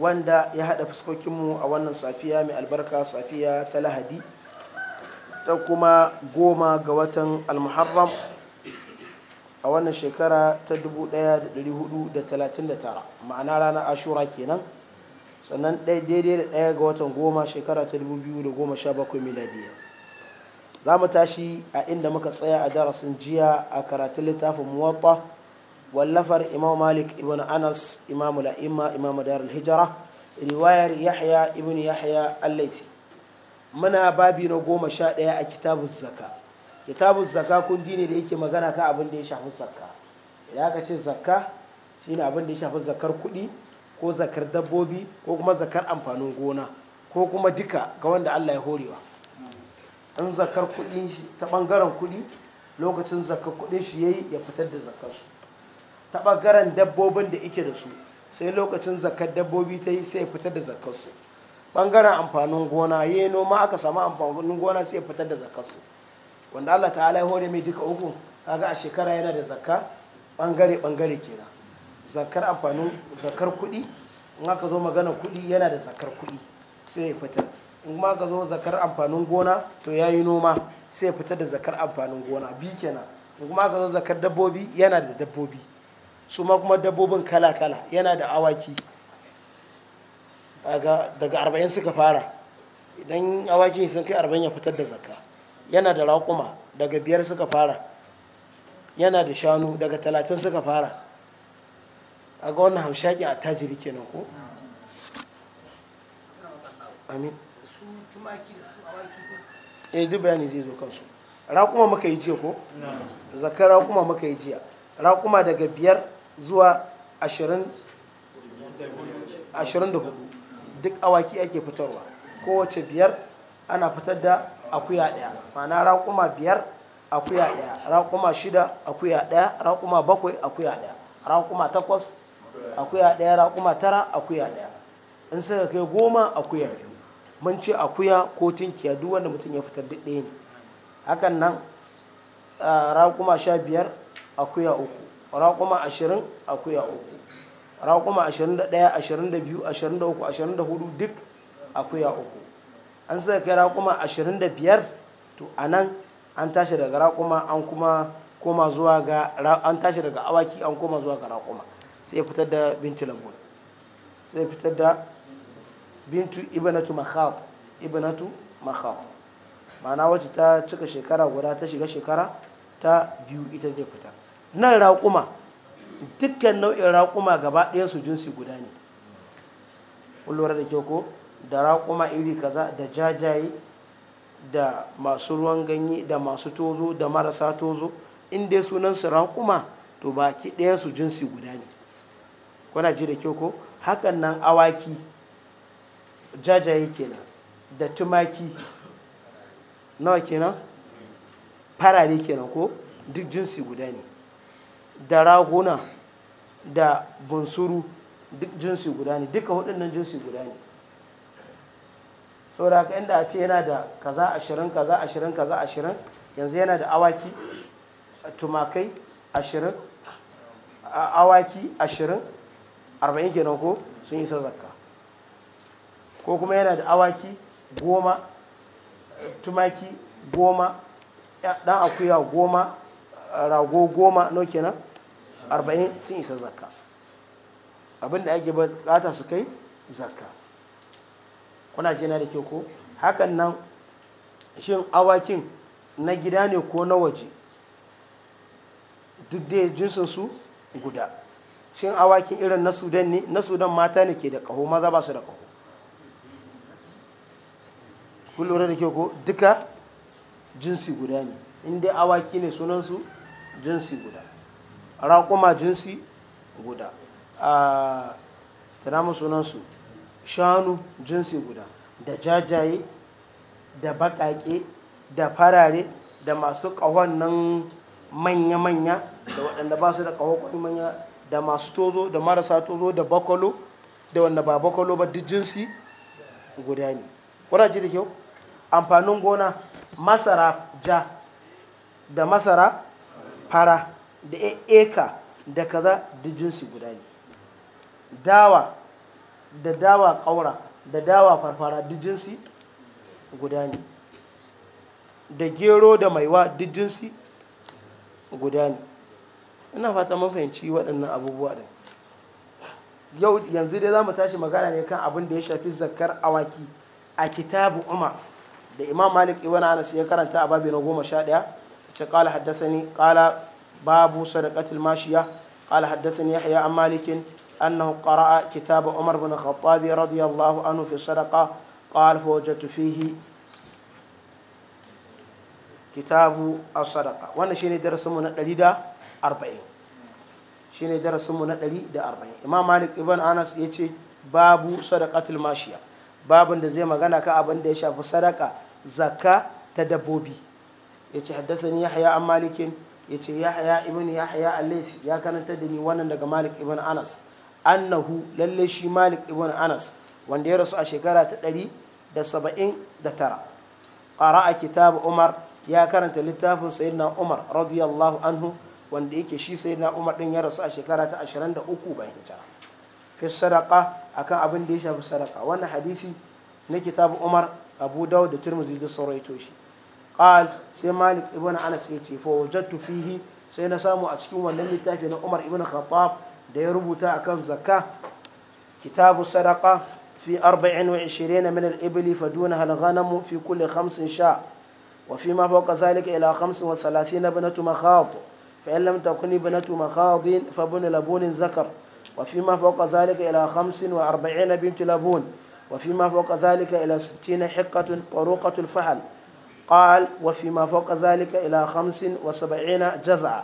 wanda ya haɗa fuskokinmu a wannan safiya mai albarka safiya ta lahadi ta kuma goma ga watan almuharram a wannan shekara ta 1439 ma'ana ranar ashura kenan sannan daidai da ɗaya ga watan goma shekara ta 2017 miladiya za mu tashi a inda muka tsaya a darasin jiya a karatun littafin muwatta wallafar imam malik ibn anas imamu la'imma imamu darul hijira riwayar yahya ibn yahya allaiti muna babi na goma sha ɗaya a kitabun zaka kitabun zaka kundi ne da yake magana ka abin da ya shafi zakka idan aka ce zakka shine abin da ya shafi zakar kuɗi ko zakar dabbobi ko kuma zakar amfanin gona ko kuma dika ga wanda allah ya horewa in zakar kuɗi ta ɓangaren kuɗi lokacin zakar kuɗin shi yayi ya fitar da zakar su ta ɓangaren dabbobin da ike da su sai lokacin zakar dabbobi ta yi sai fitar da zakarsu ɓangaren amfanin gona ya yi noma aka samu amfanin gona sai fitar da zakarsu wanda allah ta halaye hore mai duka uku kaga a shekara yana da bangare ɓangare ɓangare kenan zakar amfanin zakar kuɗi in aka zo magana kuɗi yana da zakar kuɗi sai ya fitar in ma ka zo zakar amfanin gona to ya yi noma sai ya fitar da zakar amfanin gona bi kenan in kuma ka zo zakar dabbobi yana da dabbobi su ma kuma dabbobin kala-kala yana da awaki daga arba'in suka fara idan awaki sun kai arba'in ya fitar da zakka yana da raƙuma daga biyar suka fara yana da shanu daga talatin suka fara a ga wannan hamshakin a tajiri kenan ko amin su tumaki da su awaki eh duk bayani zai zo kansu raƙuma maka yi jiya ko zakka raƙuma maka yi jiya raƙuma daga biyar zuwa 24 duk awaki ake fitarwa kowace biyar ana fitar da akuya daya mana raƙuma biyar akuya daya raƙuma shida akuya daya raƙuma bakwai akuya daya raƙuma takwas akuya daya raƙuma tara akuya daya in suka kai goma akuya mun ce akuya ko tinkiya duk wanda mutum ya fitar duk ɗaya ne hakan nan ah, raƙuma sha biyar akuya uku raƙuma ashirin akuya uku raƙuma ashirin da ɗaya ashirin da biyu ashirin da uku ashirin da hudu duk akuya uku an sai kai raƙuma ashirin da biyar to a nan an tashi daga raƙuma an kuma koma zuwa ga an tashi daga awaki an koma zuwa ga raƙuma sai ya fitar da bintu labun sai ya fitar da bintu ibanatu makhab ibanatu makhab ma'ana wacce ta cika shekara guda ta shiga shekara ta biyu ita zai fitar nan raƙuma dukkan nau'in raƙuma gaba ɗaya su jinsi guda ne ƙullura da ke ko da raƙuma iri kaza da jajaye da masu ruwan ganye da masu tozo da marasa tozo indai sunansu sunan su raƙuma to baki ɗaya su jinsi guda ne kuna ji da ke ko hakan nan awaki jajaye kenan da tumaki nawa kenan farare kenan ko duk jinsi guda ne da raguna da bunsuru duk jinsi guda ne duka waɗannan jinsi guda ne saboda haka inda a ce yana da kaza ashirin kaza ashirin kaza ashirin yanzu yana da awaki tumakai ashirin awaki ashirin arba'in kenan ko sun yi zakka ko kuma yana da awaki goma tumaki goma ɗan akuya goma rago goma no kenan arba'in sun isa zakka abinda ake bukata su kai zakka kuna jina da ke ko hakan nan shin awakin na gida ne ko na waje duk da jinsin su guda shin awakin irin na sudan ne na sudan mata ne ke da kaho maza ba su da kaho kullum da ke ko duka jinsi guda ne in dai awaki ne sunansu jinsi guda raƙuma jinsi guda a tunamu sunansu shanu jinsi guda da jajaye da baƙaƙe da farare da masu ƙawon nan manya-manya da waɗanda ba su da ƙahon kuɗi manya da masu tozo da marasa tozo da bakwalo da wanda ba bakwalo ba duk jinsi guda ne ƙuraji da kyau amfanin gona masara ja da masara fara da e- eka da kaza da jinsi guda ne dawa da dawa ƙaura da dawa farfara da jinsi guda ne da gero da maiwa da jinsi guda ne ina fata mafahimci waɗannan abubuwa ɗin yau yanzu dai za mu tashi magana ne kan abin da ya shafi zakar awaki a kitabu umar da imam malik ibn anas ya karanta a babi na goma sha ɗaya ce kala haddasa ni kala باب صدقة الماشية قال حدثني يحيى عن مالك أنه قرأ كتاب عمر بن الخطاب رضي الله عنه في الصدقة قال فوجدت فيه كتاب الصدقة وانا شيني درس من الدليل أربعين شيني درس من الدليل أربعين إمام مالك ابن أنس يتي باب صدقة الماشية باب دزي مغانا كأبن ديشا فصدقة زكاة تدبوبي يتي حدثني يحيى عن مالك ya ce yahaya ibn yahaya haya layth ya karanta da ni wannan daga malik ibn anas annahu lalle shi malik ibn anas wanda ya rasu a shekara ta ɗari da saba'in tara kitab umar ya karanta littafin sayyidina umar radiyallahu anhu wanda yake shi sayyidina umar ɗin ya rasu a shekara ta ashirin da uku bayan hijira fi sadaka akan abin da ya shafi sadaka wannan hadisi na kitab umar abu dawud da turmuzi da sauraito shi qal sai malik ibn anas ya ce fa wajadtu fihi sai na samu a cikin wannan littafi na umar ibn khattab da ya rubuta akan zakka kitabu sadaqa fi 24 min al-ibli fadunaha al-ghanam fi kulli sha' وفيما فوق ذلك إلى خمس وثلاثين مخاض فإن لم تكن بنة مخاض فبن لبون ذكر وفيما فوق ذلك إلى خمس بنت لبون وفيما فوق ذلك إلى ستين حقة طروقة الفحل قال وفيما فوق ذلك إلى خمس وسبعين جزعا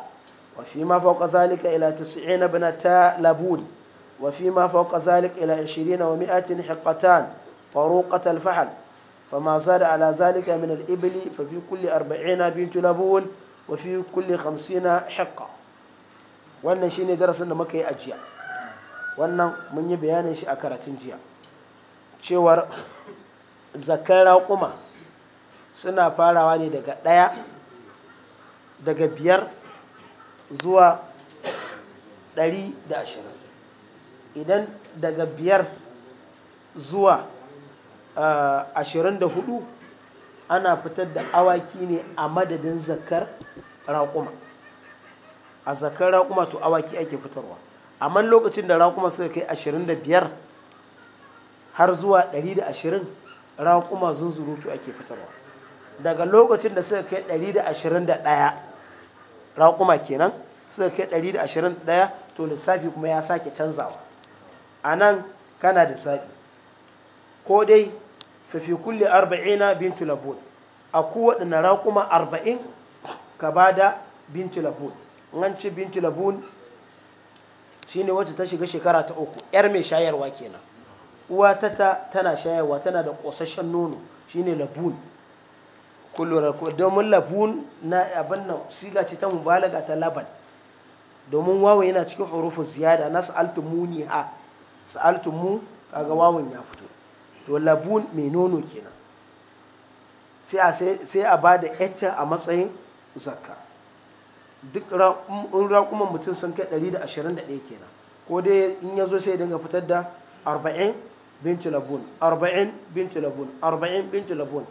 وفيما فوق ذلك إلى تسعين بنتا لبون وفيما فوق ذلك إلى عشرين ومائة حقتان طروقة الفحل فما زاد على ذلك من الإبل ففي كل أربعين بنت لبون وفي كل خمسين حقة wannan shine darasin da muka yi a jiya wannan mun yi bayanin shi a karatun jiya cewar zakar raƙuma suna farawa ne daga ɗaya daga biyar zuwa ɗari da ashirin idan daga biyar zuwa eh, ashirin da hudu ana fitar da awaki ne a madadin zakar raƙuma a zakar raƙuma to awaki ake fitarwa amma lokacin da raƙuma suka kai ashirin da biyar har zuwa ɗari da ashirin raƙuma zunzurutu ake fitarwa daga lokacin da suka kai 121 raƙuma kenan suka kai 121 to lissafi kuma ya sake canzawa a nan kana da sa'i ko dai fafi kulle 40 bintu labun a kowaɗanne raƙuma 40 ka ba da bintu labun an ci bintu labun shine wacce ta shiga shekara ta uku 'yar mai shayarwa kenan uwa ta tana shayarwa tana da ƙosashen nono shine labun kullura domin labun na abin nan siga ce ta mubalaga ta laban domin wawan yana cikin hurufin ziyada na sa'altu muni a sa'altu mu kaga wawan ya fito to labun mai nono kenan sai a ba da etta a matsayin zakka duk raƙuman mutum sun kai 121 kenan ko dai in yazo sai dinga fitar da 40 bintu labun 40 bintu labun 40 bintu labun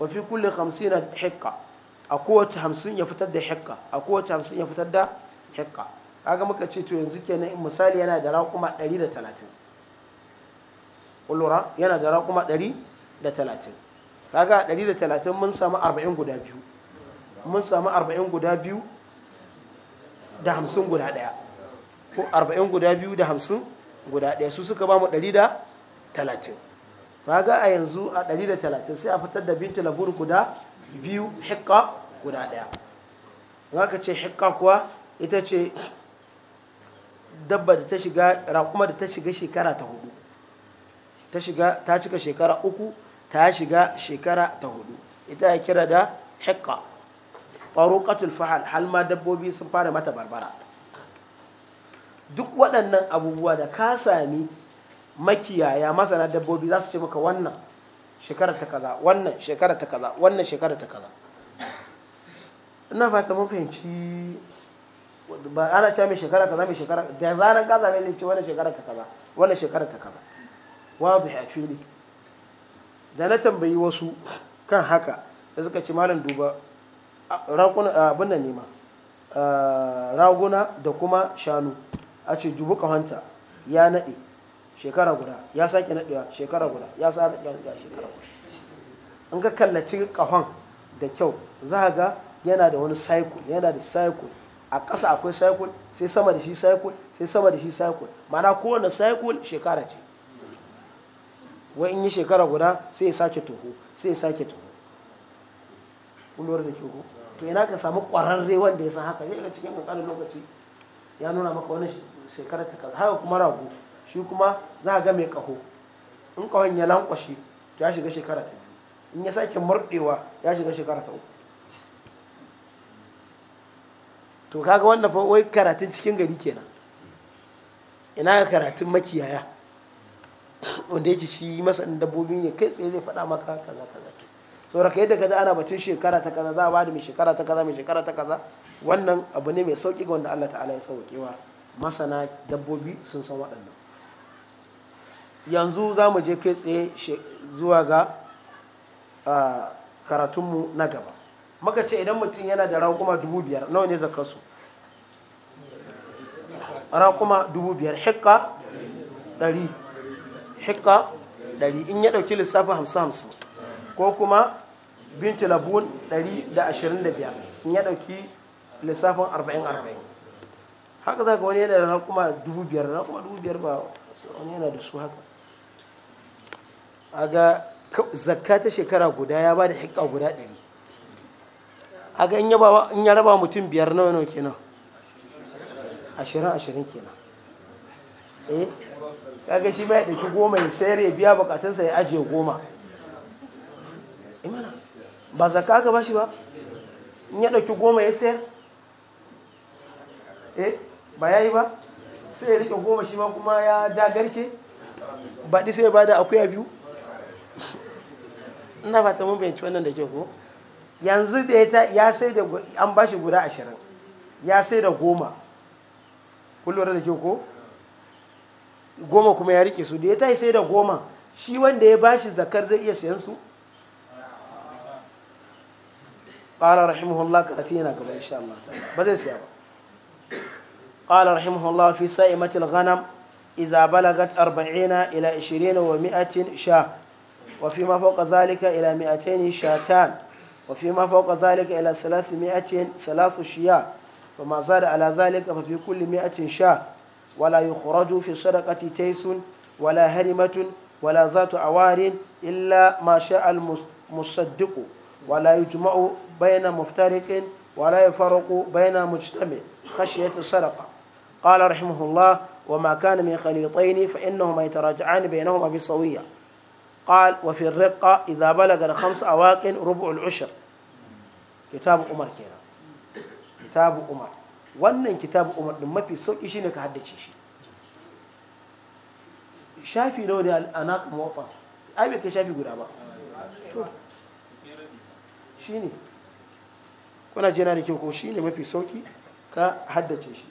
wa fi kulli khamsina hiqqa a kowace hamsin ya fitar da hiqqa a kowace hamsin ya fitar da hiqqa kaga muka ce to yanzu kenan in misali yana da raƙuma 130 kullura yana da raƙuma 130 kaga 130 mun samu 40 guda biyu mun samu 40 guda biyu da 50 guda daya ko 40 guda biyu da 50 guda daya su suka ba mu 130 ta ga a yanzu a 130 sai a fitar da bintu labur guda biyu hikka guda ɗaya za ka ce hikka kuwa ita ce dabba da ta shiga raƙuma da ta shiga shekara ta hudu ta shiga cika shekara uku ta shiga shekara ta hudu ita ya kira da hikka ƙwaruƙatul fahal hal ma dabbobi sun fara mata barbara duk waɗannan abubuwa da ka sami makiyaya masana dabbobi za su ce maka wannan shekara ta kaza wannan shekara ta kaza wannan shekara ta kaza ina fata mun fahimci ba ana cewa mai shekara kaza mai shekara da zaran ka zame ne ce wannan shekara ta kaza wannan shekara ta kaza wazo ya fili da na tambayi wasu kan haka da suka ci malam duba raguna abin nan raguna da kuma shanu a ce dubu kahonta ya naɗe shekara guda ya sake nadewa shekara guda ya sake nadewa shekara guda in ka kallaci ƙahon da kyau za ga yana da wani cycle yana da cycle a ƙasa akwai cycle sai sama da shi cycle sai sama da shi cycle mana kowane cycle shekara ce Wa in yi shekara guda sai ya sake toho sai ya sake toho kulwar da kyau to ina ka samu ƙwararre wanda ya san haka zai ga cikin ƙanƙanin lokaci ya nuna maka wani shekara ta kaza haka kuma ragu shi kuma za ga mai kaho in kawon ya lankwashe to ya shiga shekara ta biyu in ya sake murdewa ya shiga shekara ta uku to kaga wannan fa wai karatun cikin gari kenan ina ga karatun makiyaya wanda yake shi masanin dabbobi ne kai tsaye zai faɗa maka kaza kaza saboda kai da kaza ana batun shekara ta kaza za a bada mai shekara ta kaza mai shekara ta kaza wannan abu ne mai sauƙi ga wanda Allah ta'ala ya sauƙewa masana dabbobi sun san waɗannan yanzu za mu je kai tsaye zuwa ga karatunmu na gaba maka ce idan mutum yana da raƙuma dubu biyar nawa ne zaka su raƙuma dubu biyar hikka ɗari hikka ɗari in ya ɗauki lissafi hamsin hamsin ko kuma binti labun ɗari da ashirin da biyar in ya ɗauki lissafin arba'in arba'in haka za ka wani yana da raƙuma dubu biyar raƙuma dubu biyar ba wani yana da su haka aga zakka ta shekara guda ya ba da hikka guda ɗari aga in ya raba mutum biyar nawa nawa kenan ashirin ashirin kenan eh kaga shi ma ya ɗauki goma ya sayar ya biya bukatunsa ya ajiye goma imana eh ba zakka ka ba shi ba in ya ɗauki goma ya sayar eh ba ya yi ba sai ya riƙe goma shi ma kuma ya ja garke baɗi sai ya bada akuya biyu ina ba ta mun bayanci wannan da ke ko yanzu da ya ta ya sai da an bashi guda ashirin ya sai da goma kun lura da ke ko goma kuma ya rike su da ya ta sai da goma shi wanda ya bashi zakar zai iya sayan su qala rahimahullah ka tafi yana gaba insha Allah ba zai siya ba qala rahimahullah fi sa'imatil ghanam idza balagat 40 ila 20 wa 100 sha وفيما فوق ذلك إلى 200 شاتان وفيما فوق ذلك إلى 300 ثلاث شياه وما زاد على ذلك ففي كل 100 شاه ولا يخرج في صدقة تيس ولا هرمة ولا ذات عوار إلا ما شاء المصدق ولا يجمع بين مفترق ولا يفرق بين مجتمع خشية السرقة قال رحمه الله وما كان من خليطين فإنهما يتراجعان بينهما بصوية قال وفي الرقة إذا بلغ الخمس أواق ربع العشر كتاب عمر كينا كتاب عمر wannan kitabu umar din mafi sauki ne ka haddace shi shafi nawa ne anak muwatta ai bai kai shafi guda ba shi ne kuna jina da kyau ko shine mafi sauki ka haddace shi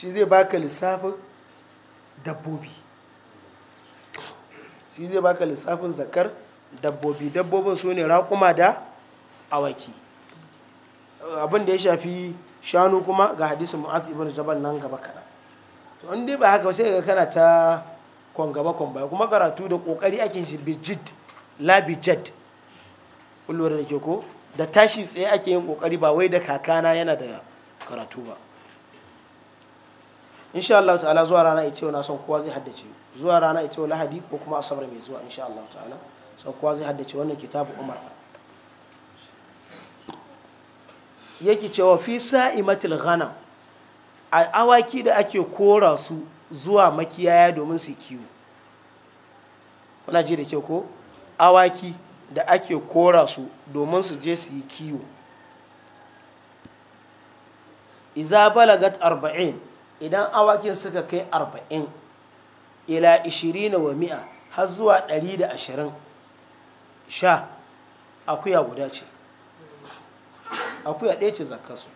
shi zai baka lissafin dabbobi shi zai baka lissafin zakar dabbobi dabbobin su ne raƙuma da awaki abin da ya shafi shanu kuma ga hadisun mu'az ibn jabal nan gaba kana to in dai ba haka sai ga kana ta kwan gaba kwan baya kuma karatu da kokari ake shi bijid la kullum da ke ko da tashi tsaye ake yin kokari ba wai da kakana yana da karatu ba insha Allah ta'ala zuwa rana ita yau na son kowa zai haddace zuwa rana ita yau lahadi ko kuma asabar mai zuwa insha Allah ta'ala son kowa zai haddace wannan kitabu umar yake cewa fi sa'imatil ghanam a awaki da ake kora su zuwa makiyaya domin su kiwo kuna ji da ke ko awaki da ake kora su domin su je su yi kiwo iza balagat arba'in idan awakin suka kai arba'in ila na wa mi'a har zuwa ɗari da ashirin sha akuya guda ce akuya ɗaya ce zakasu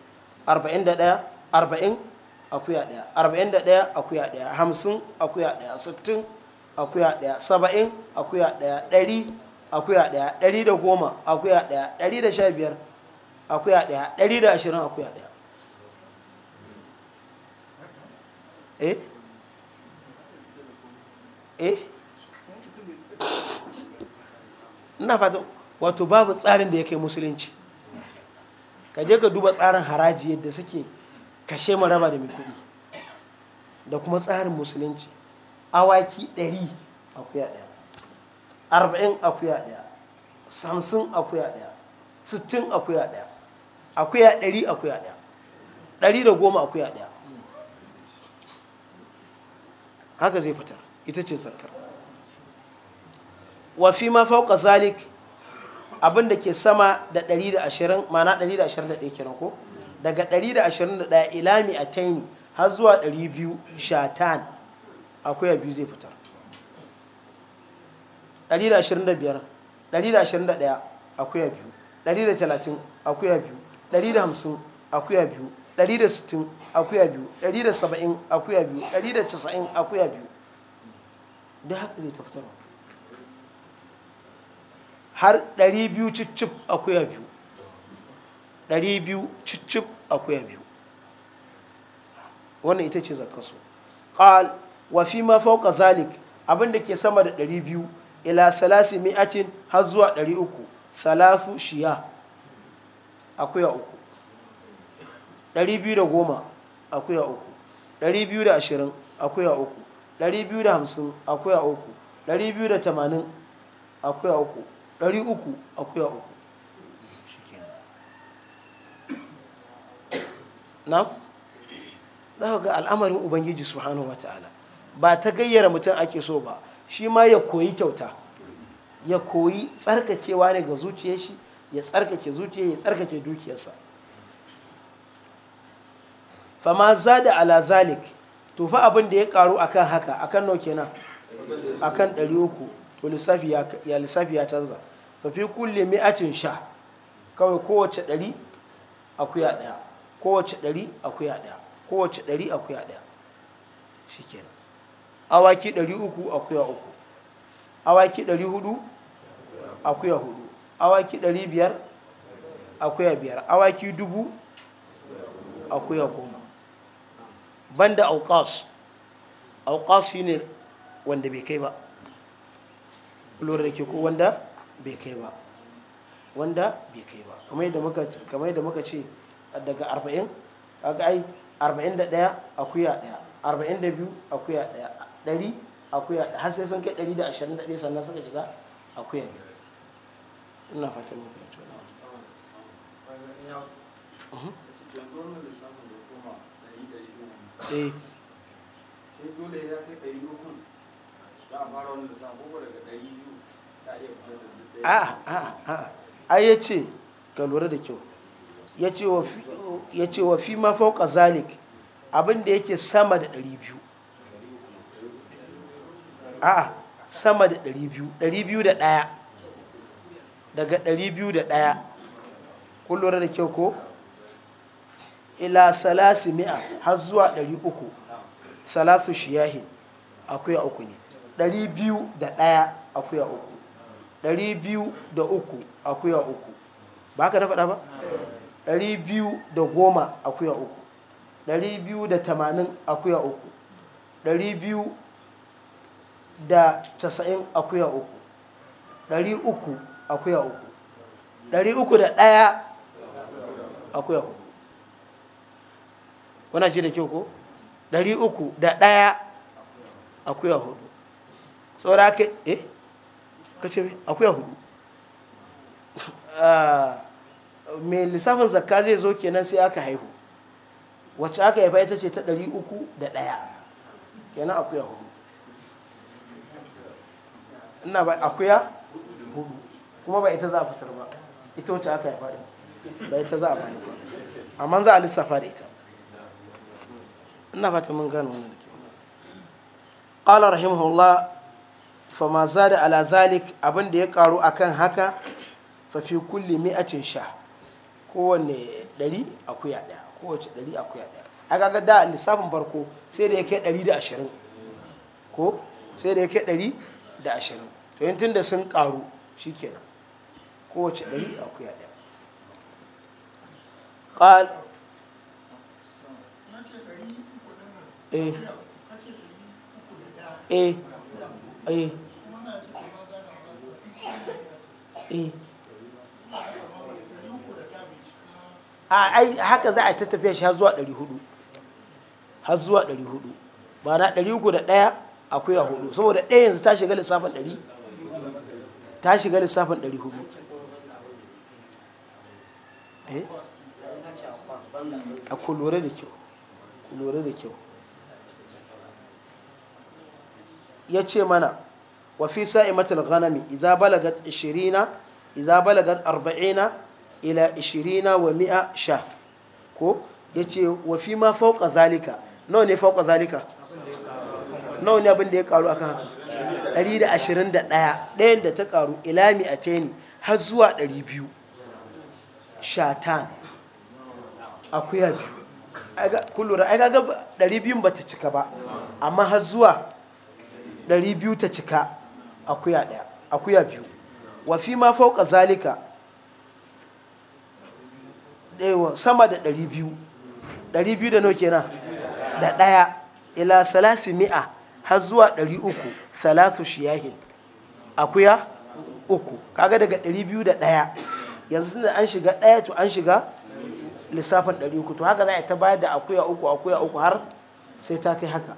arba'in da ɗaya arba'in akuya ɗaya arba'in da ɗaya akuya ɗaya hamsin akuya ɗaya sittin akuya ɗaya saba'in akuya ɗaya ɗari akuya ɗaya ɗari da goma akuya ɗaya ɗari da sha biyar akuya ɗaya ɗari da ashirin akuya ɗaya eh eh ina fata wato babu tsarin da ya kai musulunci ka je ka duba tsarin haraji yadda suke kashe maraba da mai kuɗi da kuma tsarin musulunci awaki 100 akuya ɗaya arba'in akuya ɗaya samsin akuya ɗaya sittin akuya ɗaya akuya ɗari akuya ɗaya ɗari da goma akuya ɗaya haka zai fitar ita ce zakar wa fi ma fauka zalik abinda ke sama da 120 mana 121 kenan ko daga 121 ilami a taini har zuwa 200 shatan akwai abu zai fitar 125 121 akwai abu 130 akwai abu 150 akwai abu 160 akuya biyu 170 akuya biyu 190 akuya biyu da haka zai ta fitarwa har 200 cicif akuya biyu 200 cicif akuya biyu wannan ita ce zakarsu ƙal wa fi ma fawqa zalik abinda ke sama da 200 ila salasi mi'atin har zuwa 300 salafu shiya akuya uku 210 akuya uku 220 akuya uku 250 akuya uku 280 akuya uku 300 akuya uku na za ga al'amarin ubangiji su wa ta'ala ba ta gayyara mutum ake so ba shi ma ya koyi kyauta ya koyi tsarkakewa ne ga zuciyar shi ya tsarkake zuciya ya tsarkake dukiyarsa fama da ala zalik to fa abin da ya karu kan haka akan nau kenan akan 300 to lissafi ya lissafi ya canza fa fi mai mi'atin sha kawai kowace 100 akuya daya kowace 100 akuya daya kowace 100 akuya daya shikenan awaki 300 akuya uku awaki 400 akuya hudu awaki 500 akuya biyar awaki dubu akuya goma banda auqas auqas shine wanda bai kai ba lura da ke ko wanda bai kai ba wanda bai kai ba kamar yadda muka kamar yadda muka ce daga 40 kaga ai 41 akuya 1 42 akuya 1 100 akuya har sai sun kai 121 sannan suka shiga akuya ina fatan mu fahimci wannan eh sai a ai ya ce ka lura da kyau ya ce wa fi ma fauka zalik abin da yake sama da ɗari biyu a sama da ɗari biyu ɗari biyu da ɗaya daga ɗari biyu da ɗaya kun lura da kyau ko ila salasi mi'a har zuwa ɗari uku salasu shiyahi akuya uku ne ɗari biyu da ɗaya akuya uku ɗari biyu da uku akuya uku ba ka dafa ba ɗari biyu da goma akuya uku ɗari biyu da tamanin akuya uku ɗari biyu da casa'in akuya uku ɗari uku akuya uku ɗari uku da ɗaya akuya uku wana ji da kyau ko ɗari uku da ɗaya akuya hudu saboda aka eh ka ce akuya hudu ah, mai lissafin zakka zai zo kenan sai aka haihu wacce aka haifa ita ce ta ɗari uku da ɗaya kenan akuya hudu ina ba akuya hudu kuma ba ita za a fitar ba ita wacce aka haifa ba ita za a fitar amma za a lissafa da ita ina fata mun gano wannan qala rahimahullah ma zada ala zalik abin da ya karu akan haka fa fi kulli mi'atin sha kowanne ɗari akuya ɗaya kowace ɗari akuya ɗaya a kaga da lissafin farko sai da yake ɗari da ashirin ko sai da yake ɗari da ashirin to yin tun da sun karu shi kenan kowace ɗari akuya ɗaya eh eh eh eh a ai haka za a ta tafiya shi har zuwa 400 har zuwa 400 ba na 301 akwai a hudu saboda ɗaya yanzu ta shiga lissafin 100 ta shiga lissafin 400 eh a ku da kyau ku lura da kyau ya ce mana wa fi sa'imatul ghanami iza balagat ishirina iza balagat arba'ina ila ishirina wa mi'a sha ko yace wa fi ma fauka zalika nawa ne fauka zalika nawa ne abin da ya karu akan haka ɗari ɗaya ɗayan da ta karu ila mi'ataini har zuwa ɗari biyu shatan akuya biyu kullu ɗari kaga ba ta cika ba amma har zuwa 200 biyu ta cika akuya daya akuya biyu wa fi ma fauka zalika ɗaya sama da 200 biyu biyu da nawa kenan da ɗaya ila salasi mi'a har zuwa 300 uku salasu shiyahin akuya uku kaga daga 200 biyu da ɗaya yanzu da an shiga ɗaya to an shiga lissafin ɗari uku to haka za a ta bayar da akuya uku akuya uku har sai ta kai haka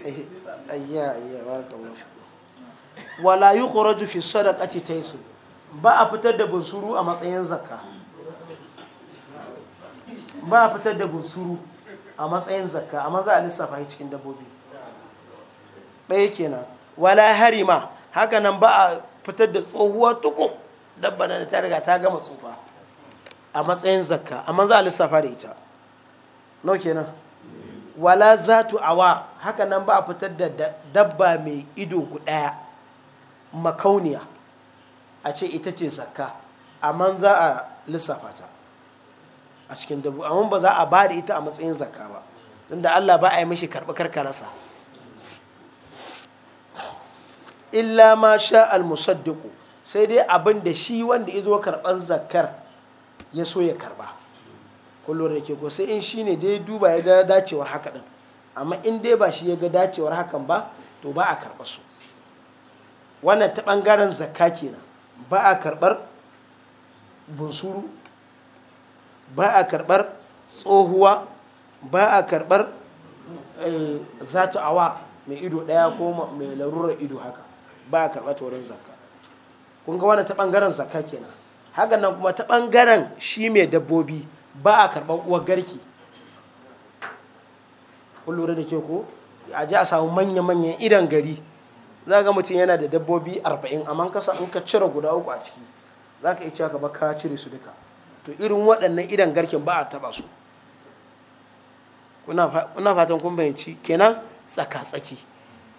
Eh, ayya ayya barakallahu fiku wala yukhraju fi ba a fitar da bunsuru a matsayin zakka ba a fitar da bunsuru a matsayin zakka amma za a lissafa shi cikin dabbobi ɗaya kenan wala harima haka nan ba a fitar da tsohuwa tukun dabba da ta riga ta gama tsufa a matsayin zakka amma za a lissafa da ita nau kenan wala zatu awa haka nan ba a fitar da dabba mai ido guda makauniya a ce ita ce zakka amma za a lissafa ta a cikin dabu amma ba za a ba da ita a matsayin zakka ba tunda Allah ba a yi mishi karɓi karkarasa illa ma sha al sai dai abinda shi wanda yazo karɓan zakkar ya so ya karɓa kullum da ke ko sai in shine dai duba ya ga dacewar haka din amma in dai ba shi ya ga dacewar hakan ba to ba a karɓar su wannan ta ɓangaren zakka kenan ba a karɓar bunsuru ba a karɓar tsohuwa ba a karɓar eh, zatu awa mai ido ɗaya ko mai larurar ido haka ba a karɓar ta wurin zakka kun ga wannan ta ɓangaren zakka kenan hakan nan kuma ta ɓangaren shi mai dabbobi ba a karɓar uwar garki kun lura da ke ko a ji a samu manya-manyan idan gari za ga mutum yana da dabbobi arba'in amma kasa in ka cire guda uku a ciki za ka iya cewa ba ka cire su duka to irin waɗannan idan garkin ba a taɓa su kuna fatan kun fahimci kenan tsaka-tsaki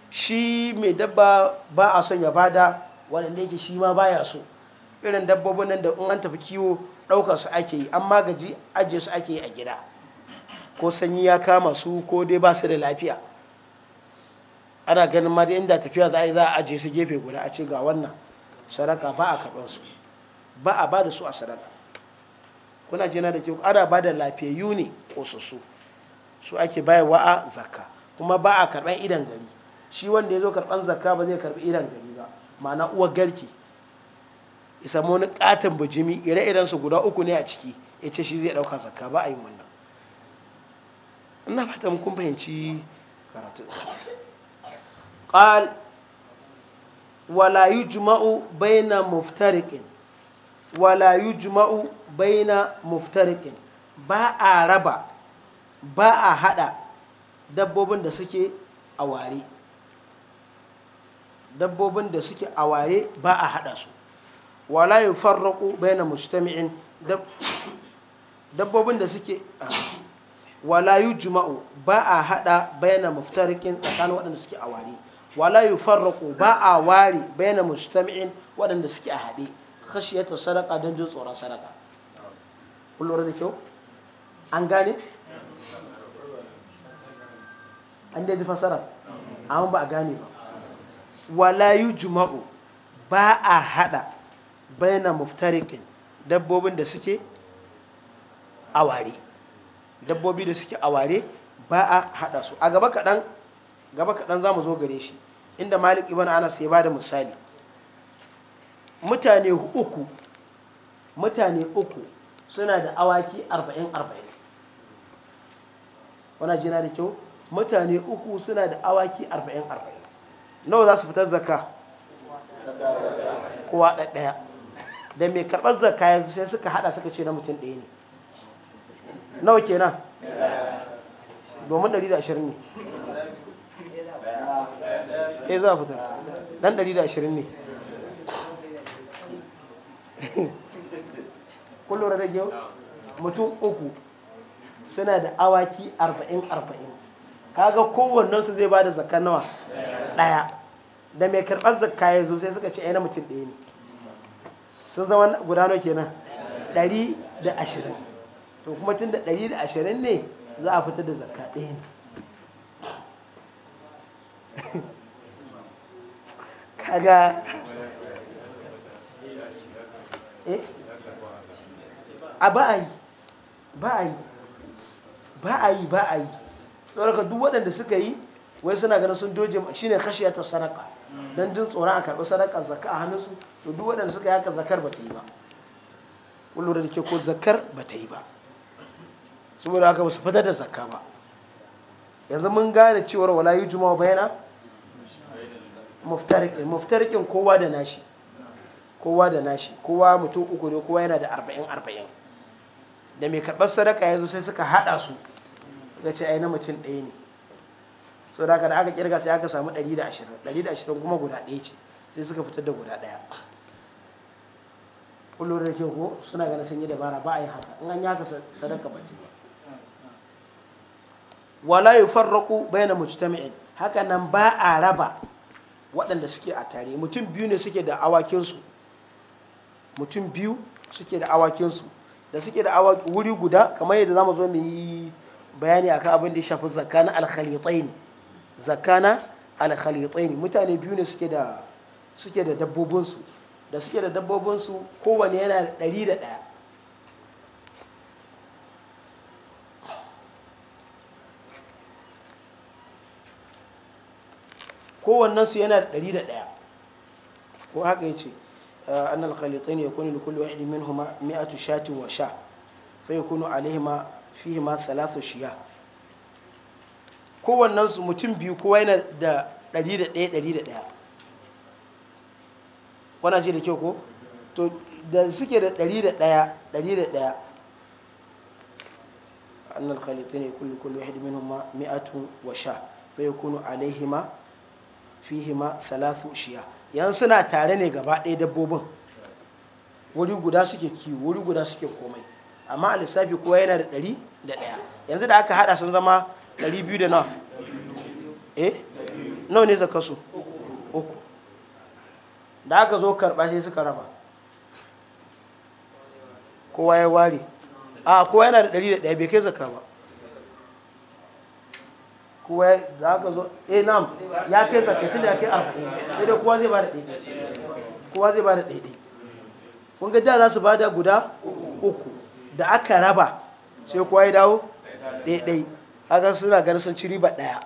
shi mai dabba ba a son ya bada waɗanda yake shi ma baya so irin dabbobin nan da in an tafi kiwo ɗaukar su ake yi an magaji ajiye su ake yi a gida ko sanyi ya kama su ko dai ba su da lafiya ana ganin ma da inda tafiya za a yi za a ajiye su gefe guda a ce ga wannan sadaka ba a karɓar su ba a ba su a sadaka kuna jina da ke ana ba da lafiyayyu ne ko su su su ake bayarwa a zakka kuma ba a karɓar idan gari shi wanda ya zo karɓar zakka ba zai karɓi idan gari ba ma'ana uwar garki ya wani katon bujimi ire-iren su guda uku ne a ciki ya ce shi zai ɗauka zakka ba a yi wannan ina mu kun fahimci karatu qal wala yujma'u baina muftariqin wala yujma'u baina muftariqin ba a raba ba a hada dabbobin da suke a ware dabbobin da suke a ba a hada su wala yi farraku bai na mujtami'in dabbobin da suke ah, wala yi juma'u ba a hada bai na muftarikin tsakanin waɗanda suke a ware wala yi farraku ba a ware na mujtami'in waɗanda suke a hade khashiyatu sadaka don jin tsoron sadaka kullum da kyau an gane an daidai fasara amma ba a gane ba wala yi juma'u ba a hada bayana muftarikin dabbobin da suke aware dabbobi da suke aware ba a hada su a gaba kaɗan gaba kaɗan za mu zo gare shi inda malik ibn anas ya ba da misali mutane uku mutane uku suna da awaki arba'in arba'in wana jina da kyau mutane uku suna da awaki arba'in arba'in nawa za su fitar zakka kowa ɗaya da mai karɓar zarka yanzu sai suka hada suka ce na mutum ɗaya ne nawa kenan domin 120 ne eh za a fita dan 120 ne kullum da yau mutum uku suna da awaki 40-40 kaga kowannensu zai ba da zakka nawa ɗaya da mai karɓar zakka ya zo sai suka ce ai na mutum ɗaya ne sun zama gudano kenan ɗari da ashirin to kuma tun da ɗari da ashirin ne za a fitar da zakka ɗaya ne kaga eh, a ba a yi ba a yi ba a yi ba a yi tsoraka duk waɗanda suka yi wai suna ganin sun doje shine kashi ta sanaka don jin tsoron a karɓi sadakar zakka a hannunsu to duk waɗanda suka yi haka zakar ba ta yi ba kun da ke ko zakar ba ta yi ba saboda haka ba su fitar da zakka ba yanzu mun gane cewar wala yi juma'a yana? muftarikin muftarikin kowa da nashi kowa da nashi kowa mutum uku ne kowa yana da arba'in arba'in da mai karɓar sadaka ya zo sai suka haɗa su ga ce ai na mutum ɗaya ne sau da kada aka kirga sai aka samu 120 120 kuma guda ɗaya ce sai suka fitar da guda ɗaya kullum da ke ko suna ganin sun yi dabara ba a yi haka in an yi haka sadaka ba ce wala yufarraqu mutu mujtami'in haka nan ba a raba waɗanda suke a tare mutum biyu ne suke da awakinsu mutum biyu suke da awakinsu da suke da wuri guda kamar yadda zamu zo mu yi bayani akan abin da ya shafi zakka na alkhalitaini ne zakana alkhalitain mutane biyu ne suke da suke da dabbobinsu da suke da dabbobinsu kowane yana da ɗari da ɗaya kowannensu yana da ɗari da ɗaya ko haka ya ce an ah, alkhalitain ya kuni likulli ilimin minhuma mi'atu shati wa sha fa kunu alaihima fihima salasu shiya kowannen su mutum biyu kowa yana da ɗari da ɗaya ɗari da ɗaya wana ce da kyau ko to da suke da ɗari da ɗaya ɗari da ɗaya annal khalitu ne kullu kullu wahid ma mi'atu wa sha fa yakunu alaihima fihima thalathu shiya yan suna tare ne gaba ɗaya dabbobin wuri guda suke kiwo wuri guda suke komai amma a lissafi kowa yana da ɗari da ɗaya yanzu da aka haɗa sun zama ɗari biyu da nawa eh nawa ne zakasu uku da aka zo karɓa shi suka raba kowa ya ware a kowa yana da ɗari da ɗaya bai kai zaka ba kowa da aka zo eh nam ya kai zaka sun da ke kai sai dai kowa zai ba da ɗaiɗai kowa zai ba da ɗaiɗai kun da za su ba da guda uku da aka raba sai kowa ya dawo ɗaiɗai haka suna ganin sun ci riba ɗaya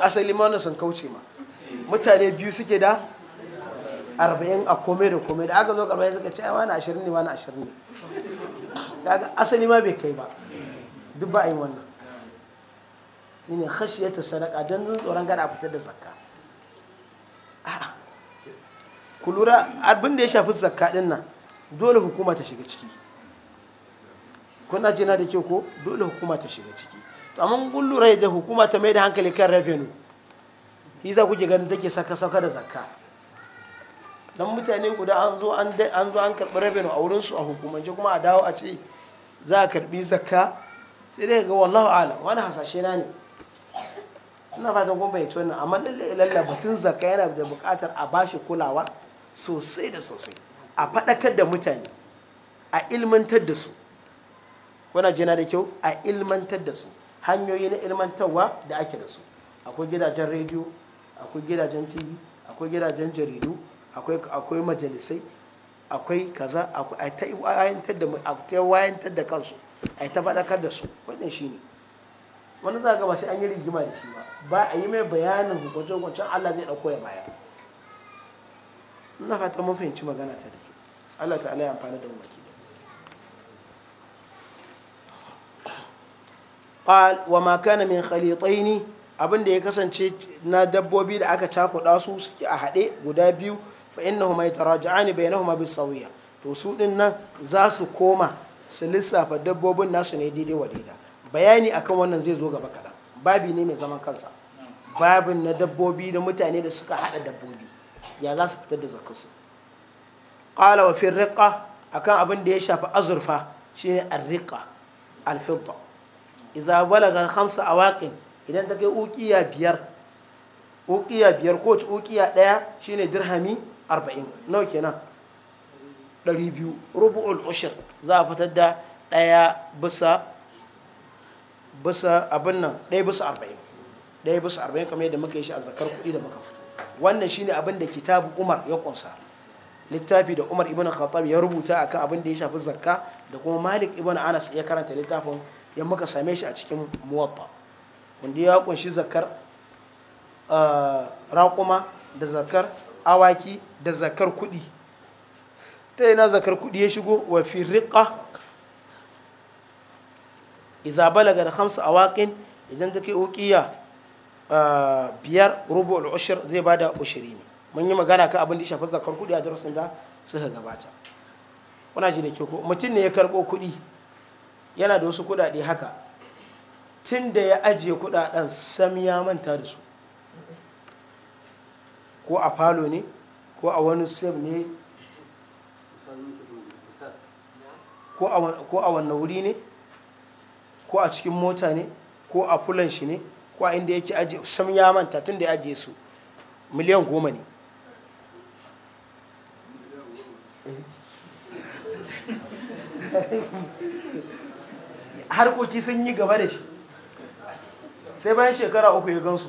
asali ma sun kauce ma mutane biyu suke da arba'in a kome da kome da aka zo karɓar suka ce wani ashirin ne wani ashirin ne kaga asali ma bai kai ba duk ba a yi wannan ne ta sadaka don tsoron gada a fitar da tsaka. ku lura abin da ya shafi zakka din nan dole hukuma ta shiga ciki kuna jina da kyau ko dole hukuma ta shiga ciki to amma kun lura da hukuma ta mai da hankali kan revenue shi za ku kuke ganin take saka saka da zakka dan mutane guda an zo an an zo an karbi revenue a wurin su a hukumance kuma a dawo a ce za a karbi zakka sai dai ga wallahu ala wani hasashe na ne ina fatan kun bayyace wannan amma lalle lalle batun zakka yana da buƙatar a bashi kulawa sosai da sosai a faɗakar da mutane a ilmantar da su kuna jina da kyau a ilmantar da su hanyoyi na ilmantarwa da ake da su akwai gidajen rediyo akwai gidajen tv akwai gidajen jaridu akwai majalisai akwai kaza a ta wayantar da kansu a ta faɗakar da su wannan shine wani za ba shi an yi rigima da shi ba ba a yi mai bayanin hukunce-hukuncen Allah zai ɗauko ya baya ina fata mun fahimci magana ta da ke Allah ta'ala ya amfani da umarki wa ma min khalitaini ne da ya kasance na dabbobi da aka cakuɗa su suke a haɗe guda biyu fa innahuma yataraja'ani bainahuma bisawiya to su ɗin nan za su koma su lissafa dabbobin nasu ne daidai wa daidai bayani akan wannan zai zo gaba kaɗan babi ne mai zaman kansa babin na dabbobi da mutane da suka haɗa dabbobi ya za su fitar da zakarsu ƙala wa firriƙa akan abin da ya shafi azurfa shine arriƙa alfidda idza hamsa a awaqin idan ta kai ukiya biyar ukiya biyar ko ukiya ɗaya shine dirhami arba'in nawa kenan biyu rubu'ul ushir za a fitar da ɗaya bisa bisa abin nan ɗaya bisa arba'in ɗaya bisa arba'in kamar yadda muka yi shi a zakar kuɗi da muka fito wannan shine abin da kitabu umar ya kunsa littafi da umar ibn khattab ya rubuta akan abin da ya shafi zakka da kuma malik ibn anas ya karanta littafin ya muka same shi a cikin muwatta wanda ya kunshi zakar ah, raƙuma da zakar awaki da zakar kuɗi ta yana zakar kuɗi ya shigo wa fi iza balaga da hamsu waƙin idan ta ke uqiya biyar rubu al'ushir zai bada ushiri ne mun yi magana ka abin da ya shafi zakar kuɗi a darasin da suka gabata kuna ji da ke mutum ne ya karɓo kuɗi yana da wasu kuɗaɗe haka tun da ya ajiye kuɗaɗen sam ya manta da su ko a falo ne ko a wani sef ne ko a wannan wuri ne ko a cikin mota ne ko a fulan shi ne ko a inda yake aje sam ya manta tun da ya aje su miliyan goma ne harkoki sun yi gaba da shi sai bayan shekara uku ya gansu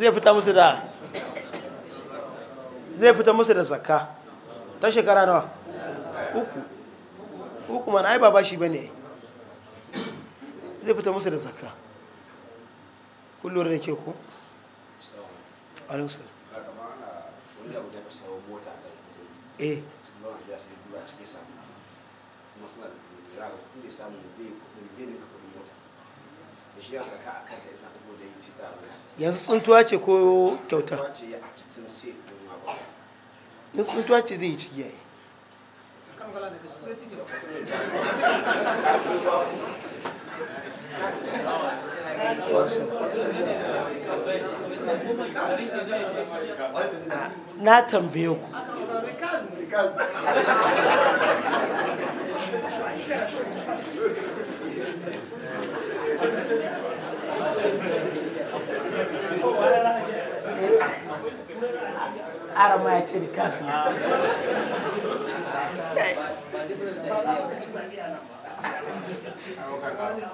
zai fita musu da zai fita musu da zakka ta shekara nawa uku uku mana ai ba bashi ba ne zai fita musu da zakka kullum da ke ku alisar yanzu tsuntuwa ce ko kyauta Eu tsuntuwa ce zai yi ciki yayi na arama ya ce da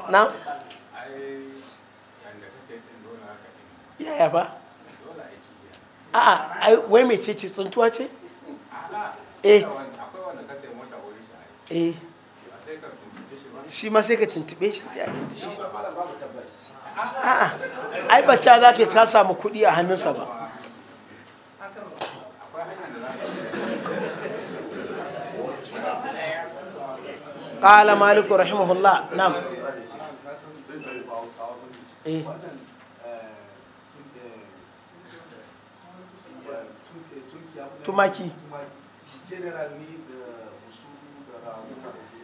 na? yaya ba? a'a wai mai ce ce tsuntuwa ce? eh eh shi ma sai ka tuntube shi sai a tuntube shi a'a ai ba za ka samu kuɗi a hannunsa ba qala malik rahimahullah na'am tumaki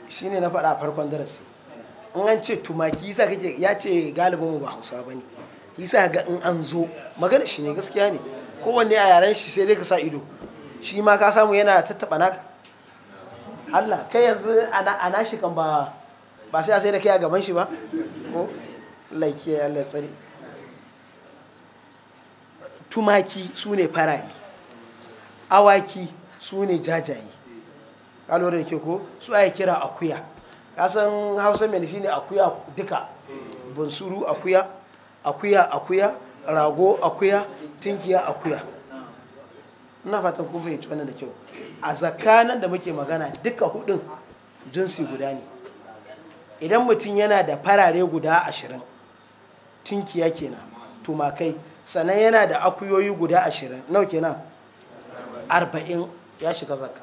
shi ne na faɗa farkon darasi in an ce tumaki sa kake ya ce galibin ba hausa ba ne sa ga in an zo magana shi ne gaskiya ne kowanne a yaren shi sai dai ka sa ido shi ma ka samu yana tattaɓa naka Allah kai yanzu a shi kan ba ba sai a sai da kai a gaban shi ba ko laiki Allah tumaki su ne farari awaki su ne jajaye ka da ke ko su ake kira akuya kasan hausa mai nufi ne akuya duka bunsuru akuya akuya akuya rago akuya tinkiya akuya ina fatan kun fahimci wannan da kyau a zakanan da muke magana duka hudun jinsi guda ne idan mutum yana da farare guda ashirin tunkiya kenan tumakai sannan yana da akuyoyi guda ashirin nau kenan arba'in ya shiga zakka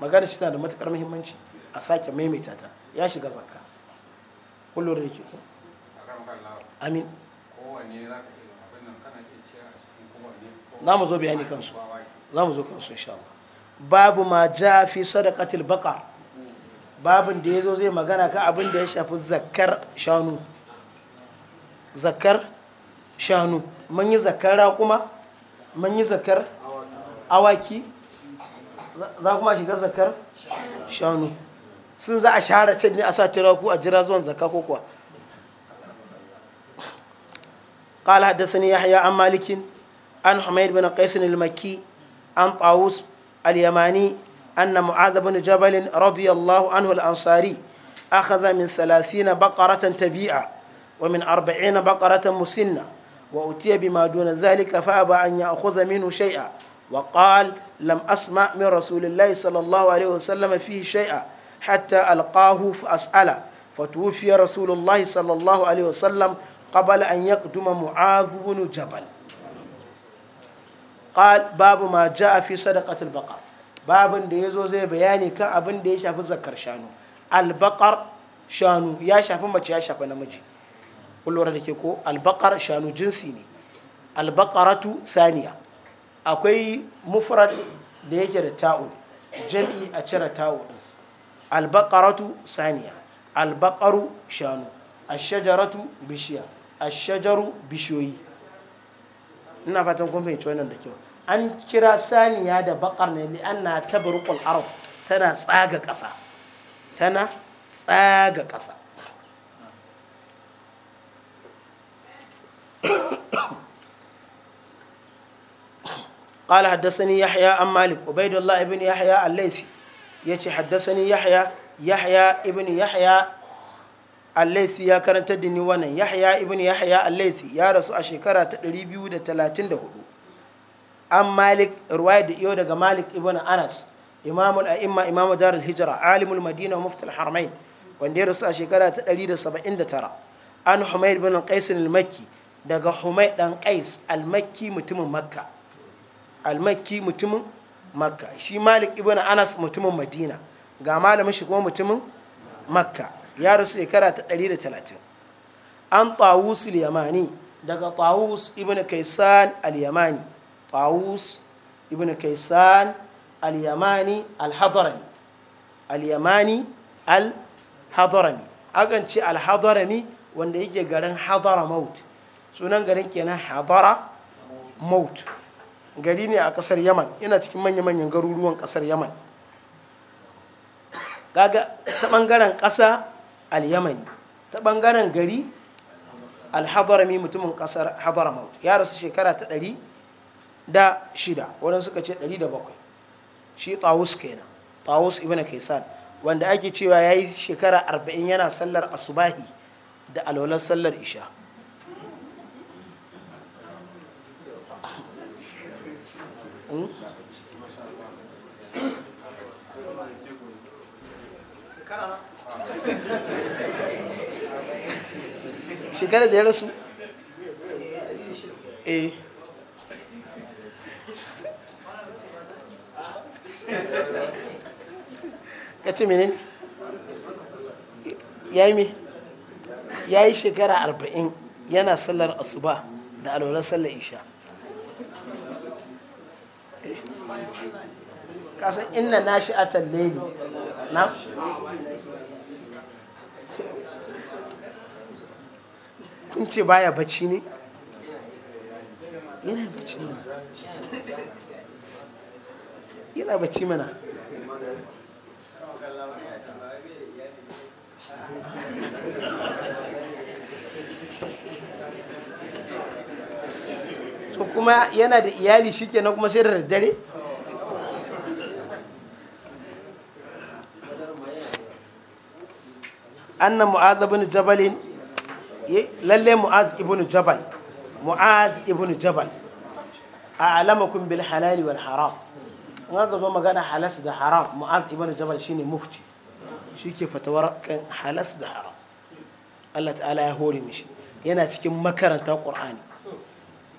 magana shi da matukar muhimmanci a sake maimaita ta ya shiga zakka kullum da ke amin kowane zaka za mu zo bayani kansu za mu zo kansu insha Allah babu ma ja fi sadaqatil baqar babin da yazo zai magana ka abin da ya shafi zakkar shanu zakkar shanu mun yi zakkar raƙuma mun yi zakkar awaki za kuma shiga zakkar shanu sun za a share can ne a sa ku a jira zuwan zakka ko kuwa قال حدثني يحيى عن مالك an humayd bin qais al-makki an tawus al-yamani anna mu'adh bin jabal radiyallahu anhu al-ansari akhadha min 30 baqaratan tabi'a wa min 40 baqaratan musinna وأتي بما دون ذلك فأبى أن يأخذ منه شيئا وقال لم أسمع من رسول الله صلى الله عليه وسلم فيه شيئا حتى ألقاه فأسأله فتوفي رسول الله صلى الله عليه وسلم قبل أن يقدم معاذ بن جبل qal babu ma a fi sadaqatil baqar babin da yazo zai bayani kan abin da ya shafi zakar shanu albakar shanu ya shafi mace ya shafi namiji kullura da ke ko albaqar shanu jinsi ne albakaratu saniya akwai mufrad da yake da ta'u jam'i a cire ta'u din albakaratu saniya albakaru shanu ashajaratu bishiya ashajaru bishiyoyi ina fatan kun fahimci wannan da kyau an kira saniya da bakar ne li'anna tabarqul ard tana tsaga ƙasa tana tsaga ƙasa قال حدثني يحيى عن مالك عبيد الله بن يحيى الليثي يتي حدثني يحيى يحيى ابن يحيى الليثي يا كرنت دني وانا يحيى ابن يحيى الليثي يا رسول الشكرة 234 an malik ruwaya da iyo daga malik ibn anas imamul a'imma imamu darul hijra alimul madina muftul harmain wanda ya rasu a shekara ta 179 an humayd Ibn qais al-makki daga humayd dan qais al-makki mutumin makka al-makki mutumin makka shi malik ibn anas mutumin madina ga malamin shi kuma mutumin makka ya rasu shekara ta 130 an tawus al-yamani daga tawus ibn Kaysan al-yamani طاووس ابن كيسان اليماني الحضرمي Al الحضرمي akan ce alhadarami wanda yake garin hadara maut sunan garin kenan hadara maut gari ne a kasar yaman yana cikin manya-manyan garuruwan kasar yaman kaga ta ɓangaren kasa al-yamani ta ɓangaren gari alhadarami mutumin ƙasar hadara maut ya rasu shekara ta ɗari da shida wadanda suka ce ɗari da bakwai shi tawus kenan tawus ibn kaisan wanda ake cewa ya yi shekara arba'in yana sallar asubahi da alwalar sallar isha hmm? shekara da ya rasu eh ka ce menene ya yi me ya yi shekara arba'in yana sallar asuba da alwalar sallar isha eh. kasan inna na shi a ne na kun ce baya bacci ne yana bacci ne yana bacci mana to kuma yana da iyali na kuma sai da daddare anna mu'az ibn jabal lalle mu'az ibn jabal mu'az ibn jabal a'lamakum bil halali wal haram in aka zo magana halas da haram mu'az ibn jabal shine mufti shi ke fatawar kan halas da haram Allah ta'ala ya hore mishi yana cikin makaranta qur'ani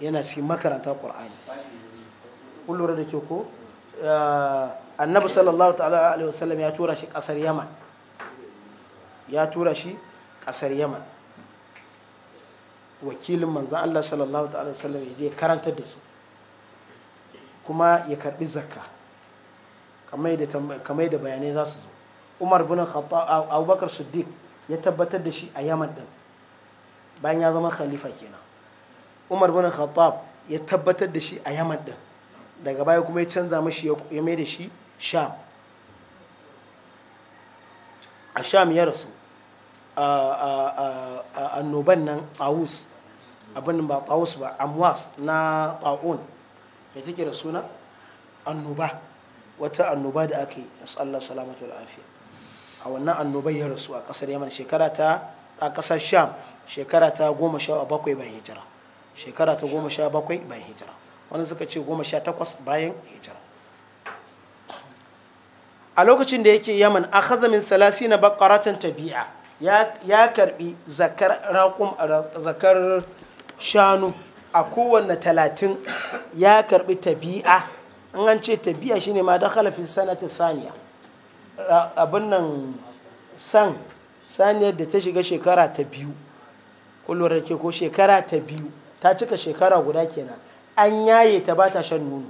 yana cikin makaranta qur'ani kun da ke ko annabi sallallahu ta'ala alaihi wasallam ya tura shi kasar yaman ya tura shi kasar yaman wakilin manzan Allah sallallahu ta'ala wasallam ya je karanta da su kuma ya karbi zakka kamar da bayanai za su zo umar bin abubakar siddiq ya tabbatar da shi a yaman din bayan ya zama khalifa kenan umar bin khattab ya tabbatar da shi a yaman din daga baya kuma ya canza mashi ya mai da shi sham a sham ya rasu a annoban nan tawus abin ba tawus ba amwas na ta'un ya take da suna annoba wata annoba da aka yi Allah salamatu wal a wannan annoba ya rasu a kasar Yaman shekara ta a kasar Sham shekara ta goma sha bakwai bayan hijira shekara ta goma sha bakwai bayan hijira wani suka ce goma sha takwas bayan hijira a lokacin da yake Yaman akhadha min na baqaratan tabi'a ya karbi zakar zakar shanu a kowanne talatin ya karbi tabi'a in an ce tabiya shine ma da halafin sanata saniya abin nan san saniyar da ta shiga shekara ta biyu kullum da ke ko shekara ta biyu ta cika shekara guda kenan an yaye ta ba ta shan nono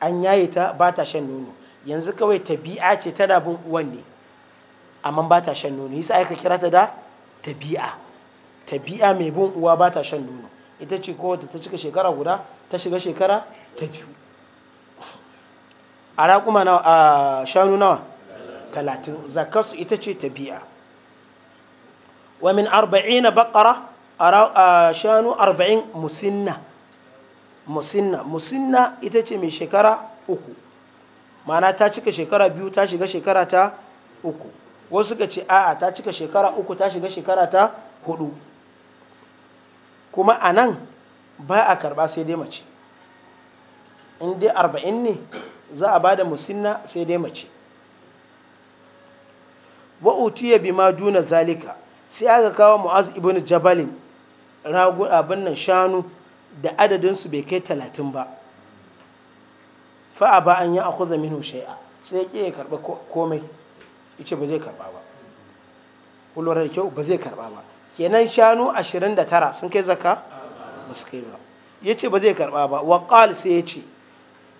an yaye ta ba ta shan nono yanzu kawai tabi'a ce tana bin uwan ne amma ba ta shan nono yasa aka kira ta da tabi'a tabi'a mai bin uwa ba ta shan nono ita ce kowace ta cika shekara guda ta shiga shekara ta biyu a raƙuma na a shanu nawa talatin Zakasu ita ce tabi'a wa min na bakara a shanu arba'in musinna musinna musinna ita ce mai shekara uku mana ta cika shekara biyu ta shiga shekara ta uku wasu ka ce a'a ta cika shekara uku ta shiga shekara ta hudu kuma a nan ba a karba sai dai mace in dai arba'in ne za a bada musinna sai dai mace wa utiya ma duna zalika sai aka kawo mu'az ibn jabalin ragu abin nan shanu da su bai kai talatin ba a ba an yi akwai minhu shai'a sai ya ƙi ya karɓa komai yace ba zai karɓa ba kullum da kyau ba zai karɓa ba kenan shanu 29 sun kai zaka ba su kai ba ya ce ba zai karɓa ba waƙal sai ya ce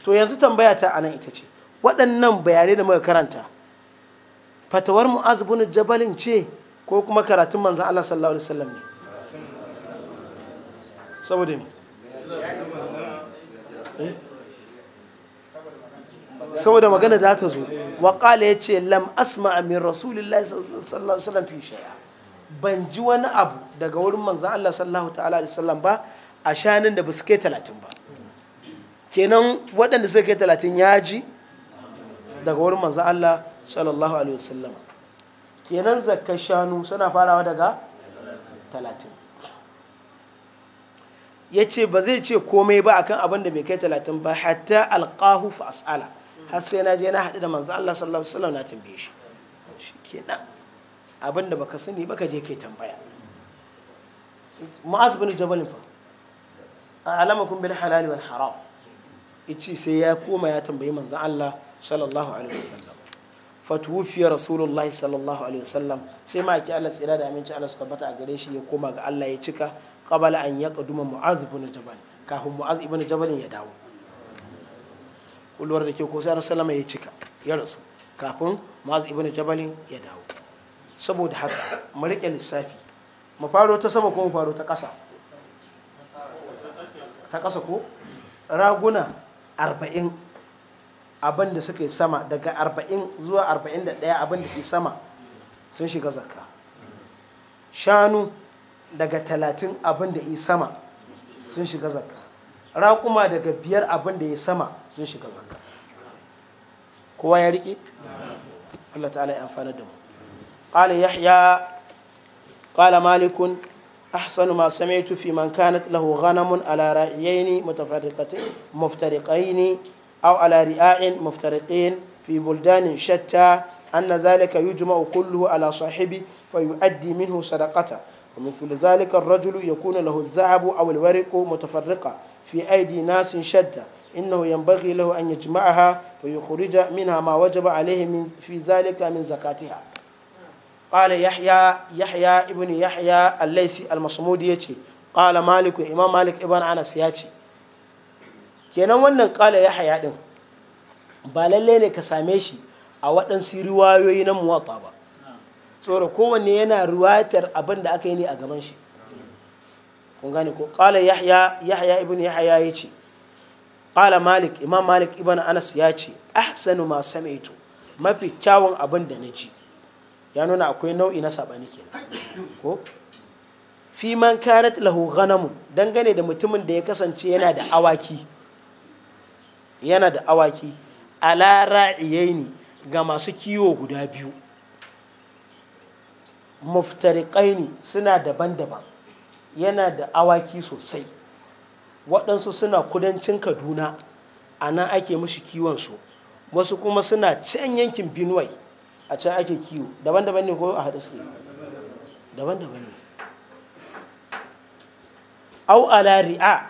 to yanzu tambaya ta anan ita ce waɗannan bayanai da muka karanta fatawar mu'az bin jabalin ce ko kuma karatun manzon Allah sallallahu alaihi wasallam ne saboda me eh? saboda magana za ta zo wa qala yace lam asma min rasulillahi sallallahu alaihi wasallam fi shay'a ban ji wani abu daga wurin manzon Allah sallallahu ta'ala alaihi wasallam ba a shanin da biske 30 ba kenan waɗanda suka kai talatin ya ji daga wurin manzo Allah sallallahu alaihi wasallam kenan zakka shanu suna farawa daga talatin ya ce ba zai ce komai ba akan abin da bai kai talatin ba hatta alƙahu fa as'ala har sai na je na haɗu da manzo Allah sallallahu alaihi wasallam na tambaye shi shi kenan abin da baka sani baka je kai tambaya mu'az bin jabal fa alamakum bil halali wal haram ici sai ya koma ya tambayi manzan Allah sallallahu alaihi wasallam fatuwufiya rasulullahi sallallahu alaihi wasallam sai ma ake Allah tsira da aminci Allah su tabbata a gare shi ya koma ga Allah ya cika qabala an ya kaduma mu'az ibn jabal kafin mu'az ibn jabal ya dawo kulwar da ke ko sai sallama ya cika ya rasu kafin mu'az ibn jabal ya dawo saboda haka mu rike lissafi mu faro ta sama ko mu faro ta ƙasa ta ƙasa ko raguna arba'in abin da suka yi sama daga arba'in zuwa arba'in da ɗaya abin da ke sama sun shiga zakka shanu daga talatin abin da yi sama sun shiga zakka raƙuma daga biyar abin da ya sama sun shiga zakka kowa ya riƙe? Allah ta'ala ya amfana da mu ƙala yahya ƙala malikun أحسن ما سمعت في من كانت له غنم على رعيين متفرقتين مفترقين أو على رعاء مفترقين في بلدان شتى أن ذلك يجمع كله على صاحبه فيؤدي منه صدقته ومثل ذلك الرجل يكون له الذهب أو الورق متفرقة في أيدي ناس شتى إنه ينبغي له أن يجمعها فيخرج منها ما وجب عليه من في ذلك من زكاتها qala yahya yahya ibn yahya al-laisi al-masmudi yace qala malik imam malik ibn anas yace kenan wannan qala yahya din ba lalle ne ka same shi a waɗansu riwayoyi na muwatta ba saboda kowanne yana riwayatar abin da aka yi ne a gaban shi kun gane ko qala yahya yahya ibn yahya yace qala malik imam malik ibn anas yace ahsanu ma sami'tu mafi kyawun abin da na ji ya nuna akwai nau'i na saɓani kenan ko fi man kanat lahu dangane da mutumin da ya kasance yana da awaki yana da awaki ala ra'iyaini ga masu kiwo guda biyu muftariqaini suna daban-daban yana da awaki sosai waɗansu suna kudancin kaduna a nan ake mushi su wasu kuma suna can yankin binuwai a can ake kiwo daban-daban ne ko a haɗe suke daban-daban ne au ala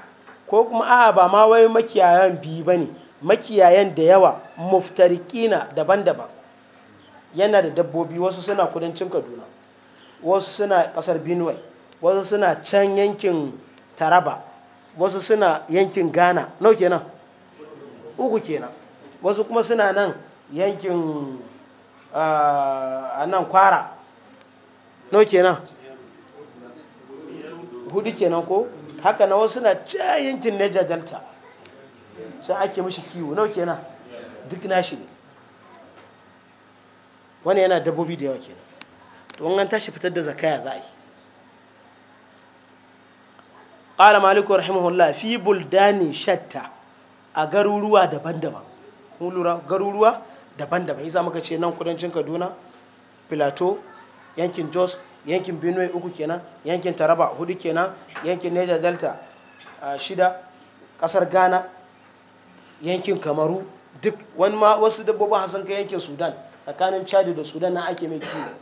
ko kuma a'a ba ma wai makiyayan biyu ba ne makiyayan da yawa muftarikina daban-daban yana da dabbobi wasu suna kudancin kaduna wasu suna kasar benue wasu suna can yankin taraba wasu suna yankin ghana nau kenan uku kenan wasu kuma suna nan yankin Ah, a nan kwara no kenan hudu kenan ko haka na wasu na can yankin Delta sai ake mishi kiwo no kenan duk nashi ne wani yana dabbobi da yawa kenan to an tashi fitar da zakaya za a yi ƙara maliku rahimahullah fi buldani shatta a garuruwa daban-daban garuruwa daban-daban isa muka ce nan kudancin kaduna filato yankin jos yankin benue uku kenan yankin taraba hudu kenan yankin Neja delta shida kasar ghana yankin kamaru duk wani ma wasu dabbobin hasan ka yankin sudan tsakanin chad da sudan na ake mai kiwo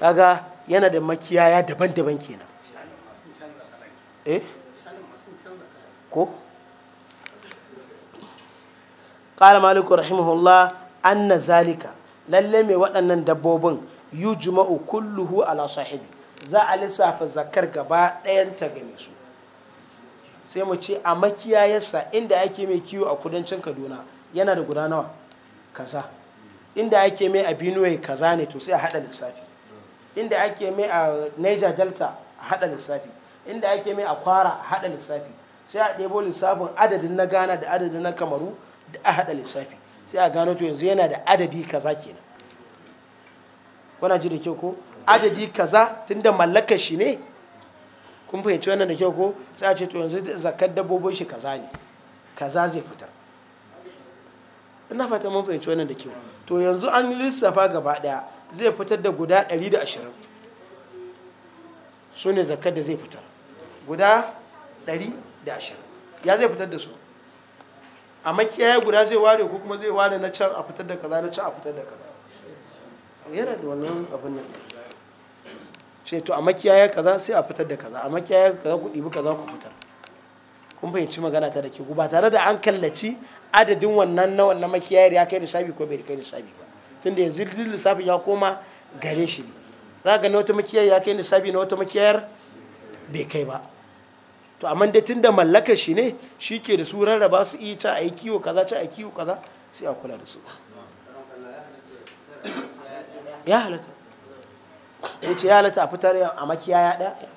kaga yana da makiyaya daban-daban kenan eh ko qala maliku rahimahullah anna zalika lalle mai waɗannan dabbobin Juma'u kulluhu ala sahibi za a lissafa zakar gaba ɗayan ta gane su sai mu ce a makiyayarsa inda ake mai kiwo a kudancin kaduna yana da guda nawa kaza inda ake mai a benue kaza ne to sai a hada lissafi inda ake mai a niger delta a hada lissafi inda ake mai a kwara a hada lissafi sai a ɗebo lissafin adadin na ghana da adadin na kamaru da a haɗa lissafi sai a gano to yanzu yana da adadi kaza kenan kuna ji da kyau ko adadi kaza tunda mallakar shi ne kun fahimci wannan da kyau ko sai a ce to yanzu zakar dabbobin shi kaza ne kaza zai fitar ina fata mun fahimci wannan da kyau to yanzu an lissafa gaba daya zai fitar da guda 120 su ne zakar da zai fitar guda 120 ya zai fitar da su a makiyaya guda zai ware ko kuma zai ware na can a fitar da kaza na can a fitar da kaza yana da wannan abin nan ce to a makiyaya kaza sai a fitar da kaza a makiyaya kaza ku ɗibi kaza ku fitar kun fahimci magana ta da ke ba tare da an kallaci adadin wannan na wannan makiyayar ya kai lissafi ko bai kai lissafi ba tunda yanzu duk lissafi ya koma gare shi za ga na wata makiyayar ya kai lissafi na wata makiyayar bai kai ba to amma dai tunda mallakar shi ne shi ke da su rarraba su iya ta a yi kiwo kaza ta a kiwo kaza sai a kula da su ya halatta ya ce ya halatta a fitar a makiyaya ɗaya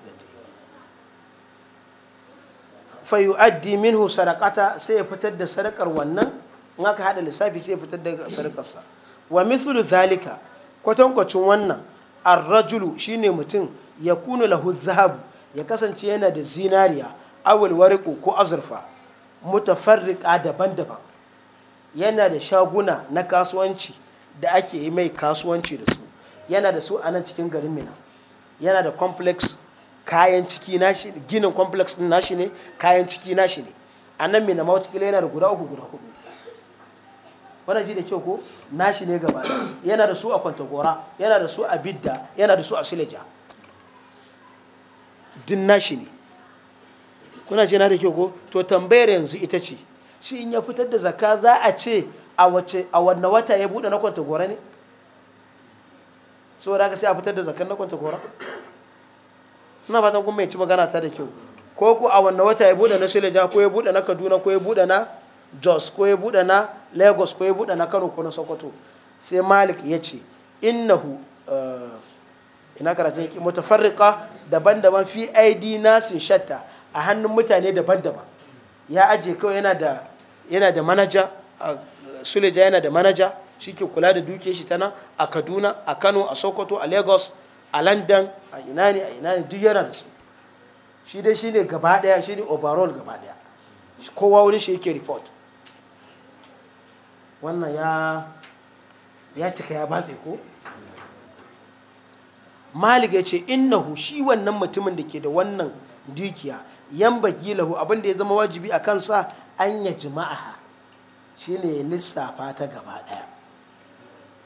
fa yu'addi minhu sadaqata sai ya fitar da sadakar wannan in aka hada lissafi sai ya fitar da sarakarsa. wa mithlu zalika kwatankwacin wannan ar-rajulu shine mutum yakunu lahu zahabu ya kasance yana da zinariya awul wariko ko azurfa mutafarriqa daban-daban yana da shaguna na kasuwanci da ake yi mai kasuwanci da su yana da su a nan cikin garin mina yana da complex kayan ciki nashi ginin complex din nashi ne kayan ciki nashi ne a nan mina ma kila yana da guda uku guda hudu wannan ji da kyau ko nashi ne gaba yana da su a kwantagora yana da su a bidda yana da su a sileja din nashi ne kuna ce na da kyau ko to tambayar yanzu ita ce shi in ya fitar da zaka za a ce a wace a wanne wata ya bude na kwanta gora ne saboda haka sai a fitar da zakar na kwanta gora ina fatan kun mai ci magana ta da kyau ko ku a wanne wata ya bude na Shilaja, ko ya bude na Kaduna ko ya bude na Jos ko ya bude na Lagos ko ya bude na Kano ko na Sokoto sai Malik ya ce innahu uh, ina karatun yake mutafarriqa daban-daban fi id nasin shatta a hannun mutane daban-daban ya aje kawai yana da yana da manaja suleja yana da manaja shike kula da duke shi tana a Kaduna a Kano a Sokoto a Lagos a London a ina ne a ina ne duk yana da su shi dai shine gaba daya shine overall gaba daya kowa wani shi yake report wannan ya ya cika ya batse ko malik ya ce innahu shi wannan mutumin da ke da wannan dukiya yan baki lahu abin da ya zama wajibi a kansa an ya jima'a shi ne lissafa ta gaba ɗaya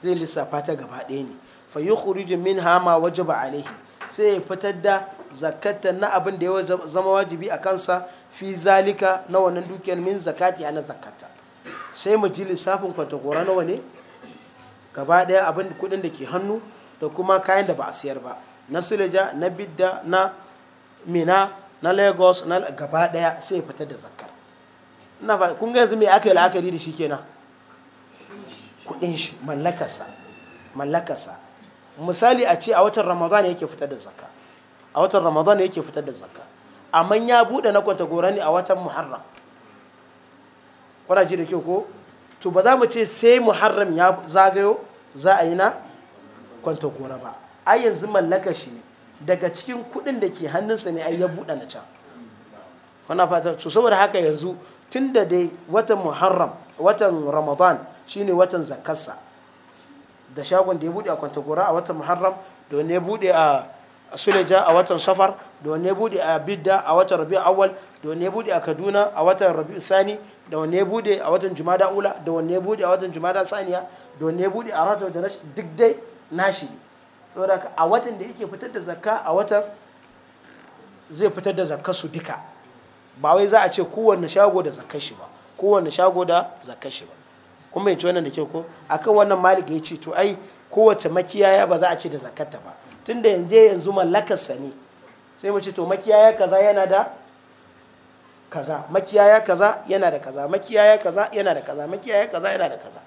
zai lissafa ta gaba ɗaya ne fa yi khuriju min hama wajaba alaihi sai ya fitar da zakata na abin da ya zama wajibi a kansa fi zalika na wannan dukiyar min zakati ana zakata sai mu ji lissafin kwantagora nawa ne gaba ɗaya abin kuɗin da ke hannu da kuma kayan da ba a siyar ba na suleja na bidda na mina na lagos na gaba daya sai ya fitar da zakar ina ba kun ga yanzu me aka yi la'akari da shi kenan kudin shi mallakarsa mallakarsa misali a ce a watan ramadan yake fitar da zakka a watan ramadan yake fitar da zakka amma ya bude na kwanta gora ne a watan muharram kuna ji da kyau ko to ba za mu ce sai muharram ya zagayo za a yi na kwanta gora ba ai yanzu mallaka shi ne daga cikin kuɗin da ke hannunsa ne ai ya buɗe na can wannan fata to saboda haka yanzu tun da dai watan muharram watan ramadan shine watan zakarsa da shagon da ya buɗe a kwanta gora a watan muharram da wani ya buɗe a suleja a watan safar da wani ya buɗe a bidda a watan rabi awal da wani ya buɗe a kaduna a watan rabi sani da wani ya buɗe a watan jumada ula da wani ya buɗe a watan jumada saniya da wani ya buɗe a ratar da duk dai nashi ne saboda a watan da yake fitar da zakka a watan zai fitar da zakka su duka ba wai za a ce kowanne shago da zakka shi ba kowanne shago da zakka shi ba kuma yanci wannan da ke ko akan wannan malik ya ce to ai kowace makiyaya ba za a ce da zakkata ba tunda yanzu yanzu mallakarsa ne sai mu ce to makiyaya kaza yana da kaza makiyaya kaza yana da kaza makiyaya kaza yana da kaza makiyaya kaza yana da kaza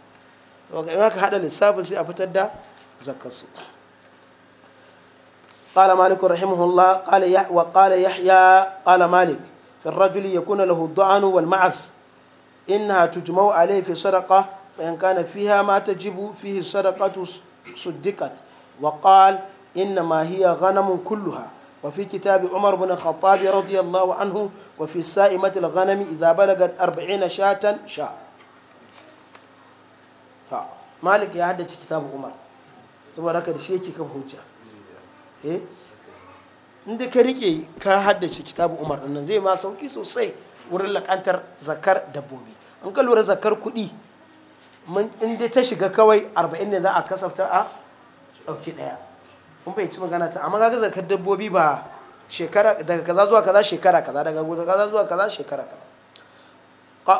to in haka hada lissafin sai a fitar da زكاة قال مالك رحمه الله قال يح وقال يحيى قال مالك في الرجل يكون له الضعن والمعز إنها تجمع عليه في صدقة فإن كان فيها ما تجب فيه صدقة صدقت وقال إنما هي غنم كلها وفي كتاب عمر بن الخطاب رضي الله عنه وفي سائمة الغنم إذا بلغت أربعين شاة شاء مالك يعدد كتاب عمر saboda haka da shi yake kan hujja eh inda ka rike ka haddace kitabu umar din nan zai ma sauki sosai wurin lakantar zakar dabbobi an ka lura zakar kuɗi in dai ta shiga kawai arba'in ne za a kasafta a ɗauki ɗaya kun fahimci magana ta amma ga zakar dabbobi ba shekara daga kaza zuwa kaza shekara kaza daga kaza zuwa kaza shekara kaza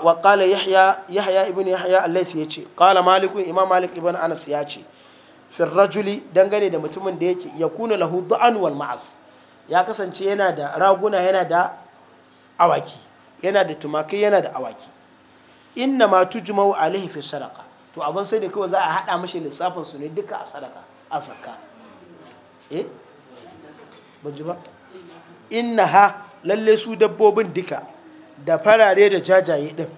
wa qala yahya yahya ibn yahya al-laysi yace qala malik imam malik ibn anas firrajuli rajuli dangane da mutumin da yake ya kuna lahu da'an wal ma'as ya kasance yana da raguna yana da awaki yana da tumakai yana da awaki inna ma tujma'u alaihi fi sadaqa to abin sai da kawai za a hada mashi lissafin su ne duka a sadaka a zakka eh ban ba inna ha lalle su dabbobin duka da farare da jajaye din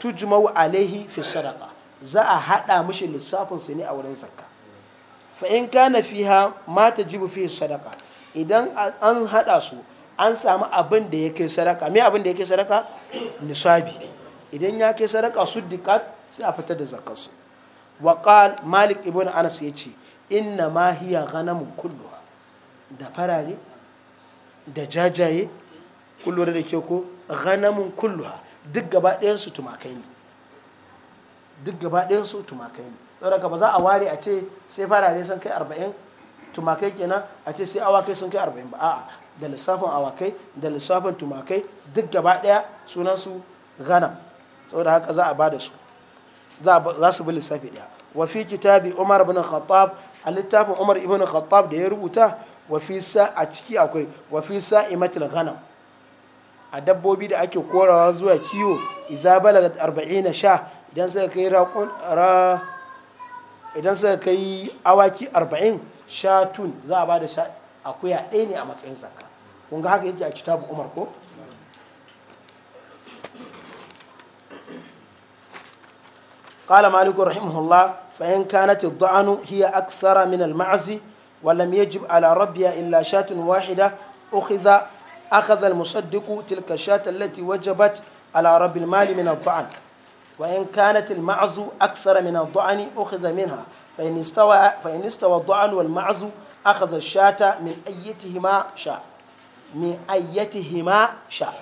tujma'u alaihi fi sadaqa za a haɗa mishi lissafinsu ne a wurin zakka fa in kana fiha ma tajibu fi sadaqa idan an haɗa su an samu abin da ya kai sadaka me abin da ya kai sadaka nisabi idan ya kai sadaka dikat sai a fitar da zakkansu. wa qal malik ibn anas yace inna ma hiya ghanamun kulluha da farare da jajaye kullure da ke ko ghanamun kulluha duk gaba ɗayan su tumakai ne duk gaba su tumakai ne saboda ba za a ware a ce sai fara farare sun kai arba'in tumakai kenan a ce sai awakai sun kai arba'in ba a'a da lissafin awakai da lissafin tumakai duk gaba ɗaya sunan su sau saboda haka za a ba da su za su bi lissafi ɗaya wa kitabi umar ibn khattab a littafin umar ibn khattab da ya rubuta wa sa a ciki akwai wa fi imatil ghanam a dabbobi da ake korawa zuwa kiwo idza balagat na sha idan suka kai ra idan suka kai awaki 40 shatun za a ba da akuya ɗaya ne a matsayin zakka kun ga haka yake a kitabu umar ko قال مالك رحمه الله فإن كانت الضعن هي أكثر من المعز ولم يجب على ربها إلا شاة واحدة أخذ أخذ المصدق تلك الشاة التي وجبت على رب المال من الضعن وإن كانت المعز أكثر من الضعن أخذ منها فإن استوى, فإن استوى الضعن والمعز أخذ الشاة من أيتهما شاء من أيتهما شاء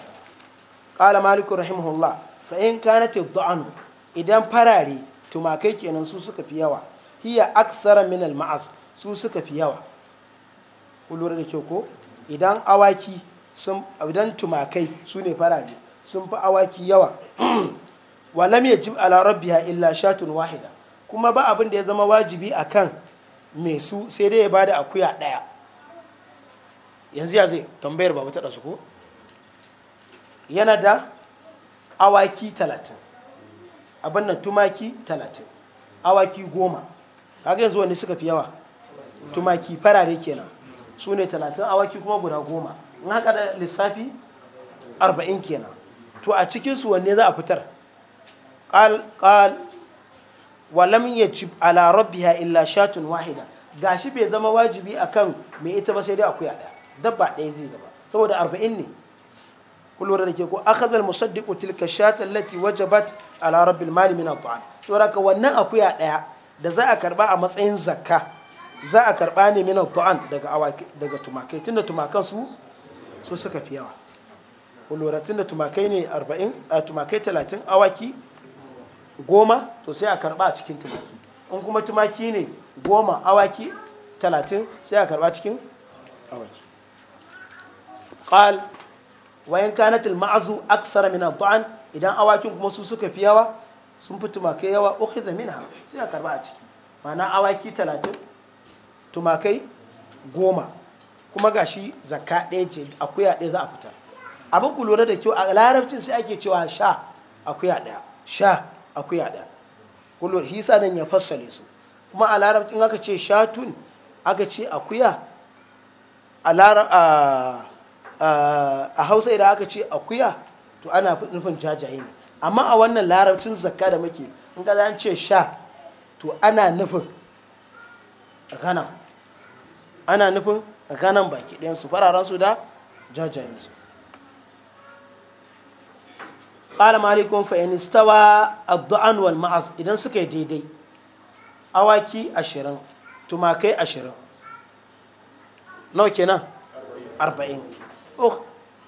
قال مالك رحمه الله فإن كانت الضعن إذا فراري tumakai kenan su suka fi yawa hiya aksara min al-ma'as su suka fi yawa ku lura da kyau ko idan awaki sun idan tumakai su ne farare sun fi awaki yawa wa lam yajib ala rabbiha illa shatun wahida kuma ba abin da ya zama wajibi akan mai su sai dai ya bada akuya daya yanzu ya zai tambayar babu ta su ko yana da awaki talatin abin nan tumaki talatin awaki goma kaga yanzu wani suka fi yawa tumaki farare kenan su ne talatin awaki kuma guda goma in haka da lissafi arba'in kenan to a cikinsu wanne za a fitar qal qal wa lam yajib ala rabbiha illa shatun wahida gashi bai zama wajibi akan me ita ba sai dai akuya daya dabba daya zai zama saboda 40 ne kullu da ke ko akhadha al tilka shat allati wajabat ala rabbil mali min at-ta'am to raka wannan akuya daya da za a karba a matsayin zakka za a karba ne min at-ta'am daga awaki daga tumakai tunda tumakan su su suka fi yawa kullu da tumakai ne 40 tumakai 30 awaki goma to sai a karba a cikin tumaki in kuma tumaki ne goma awaki talatin sai a karba cikin awaki ƙal wayan in ma'azu aksara idan awakin kuma su suka fi yawa sun fi tumakai yawa ukhiza minha sai a karba a ciki mana awaki talatin tumakai goma kuma gashi zakka ɗaya ce akuya ɗaya za a fita abin ku lura da kyau a larabcin sai ake cewa sha akuya ɗaya sha akuya da kullu shi yasa nan ya fassale su kuma a larabci in aka ce shatun aka ce akuya a hausa idan aka ce akuya to ana nufin jajaye ne amma a wannan larabcin zakka da muke in ka zan ce sha to ana nufin ganan ana nufin ganan baki ɗayan su fararen su da jajayen su qala malikun fa in istawa ad-du'an wal ma'as idan suka yi daidai awaki ashirin tumakai 20 nawa nan arba'in oh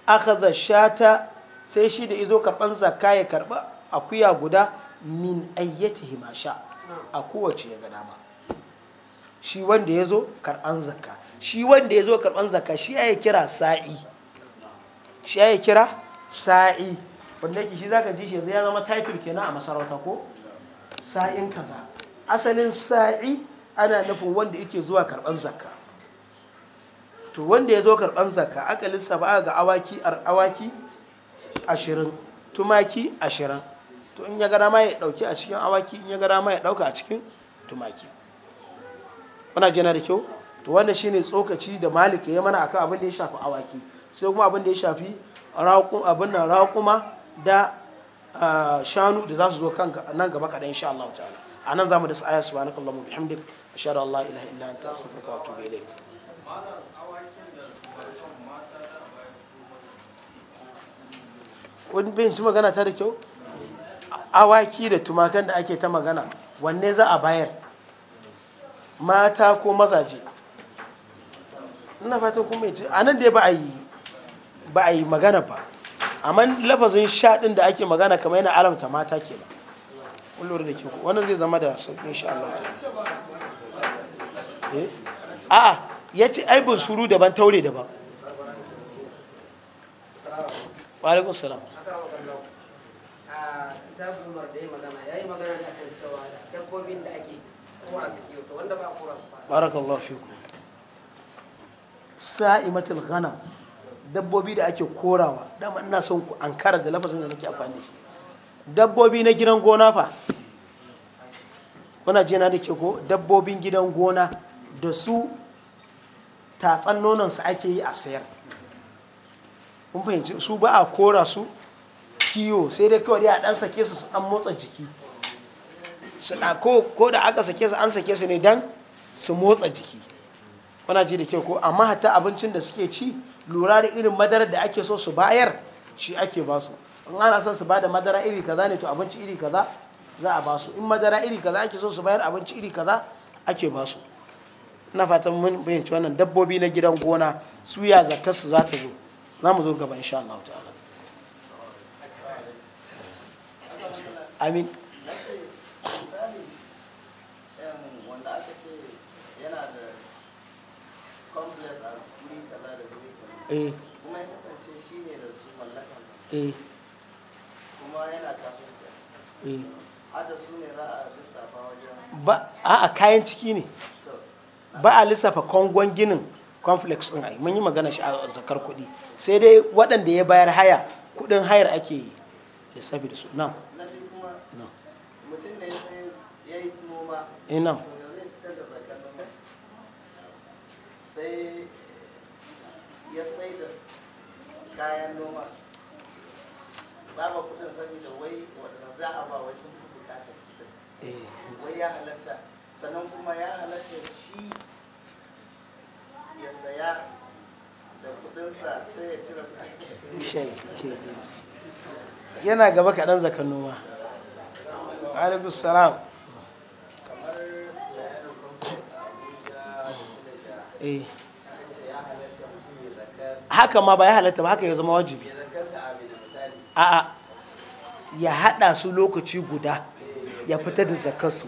akhadha shata sai shi da izo karɓar zakka ya karba akuya guda min ayyatihi himasha a kowace ya ga dama shi wanda ya zo karɓar zakka shi wanda ya zo karɓar zakka shi ya kira sa'i shi ya kira sa'i wanda yake shi zaka ji shi ya zama title kenan a masarauta ko sa'in kaza asalin sa'i ana nufin wanda yake zuwa karban zakka to wanda ya zo karban zakka aka lissafa ga awaki awaki ashirin tumaki ashirin to in ya gara ma ya dauki a cikin awaki in ya gara ma ya dauka a cikin tumaki muna jina da kyau to wannan shine tsokaci da malik ya mana akan abin da ya shafi awaki sai kuma abin da ya shafi abin nan raƙuma da ah, shanu da za su zo nan gaba kaɗan insha Allah ta'ala a nan za mu da kallon subhanakallahumma hamdik a shara Allah ilaha illa ta astaghfiruka wa atubu ilayk wani bai ci magana ta da kyau awaki da tumakan da ake ta magana wanne za a bayar mata ko mazaje ina fatan kuma a nan dai ba a yi magana ba amma lafazin sha din da ake magana kamar yana alamta mata kenan kun lura da ke ku wannan zai zama da sauƙi insha Allah ta eh? a'a ya ce aibin suru daban taure daban wa alaikum salam kitabun umar da ya magana ya yi magana ne akan cewa dabbobin da ake kora su kiwo to wanda ba kora su ba barakallahu fiku sa'imatul ghanam dabbobi da ake korawa dama ina son ku an kara da lafasin da nake amfani da shi dabbobi na gidan gona fa kuna jina da ke ko dabbobin gidan gona da su tatsan su ake yi a sayar kun fahimci su ba a kora su kiyo sai dai kawai a dan sake su su dan motsa jiki ko da aka sake su an sake su ne dan su motsa jiki kuna ji da ke ko amma hatta abincin da suke ci lura da irin madarar da ake so su bayar shi ake ba su in ana son su ba da madara iri kaza ne to abinci iri kaza za a ba su in madara iri kaza ake so su bayar abinci iri kaza ake ba su ina fatan mun bayyanci wannan dabbobi na gidan gona suya zakar su za ta zo za mu zo gaba insha Allah ta'ala amin kuma eh. ba a kayan ciki ne ba a lissafa kongon ginin complex ɗin ai mun yi magana shi a zakar kuɗi sai dai waɗanda ya bayar haya kuɗin hayar ake lissafi da su na mutum da ya yi noma eh, ya sai da kayan noma tsaba kudin saboda wai wadanda za a ba wai sun fi bukatar eh. wai ya halatta sannan kuma ya halatta shi ya saya da kudinsa sai ya cire kudin yana gaba kaɗan zakan noma alaikus salam haka ma ba ya halatta ba haka ya zama wajibi a'a ya hada su lokaci guda ya fita da zakasu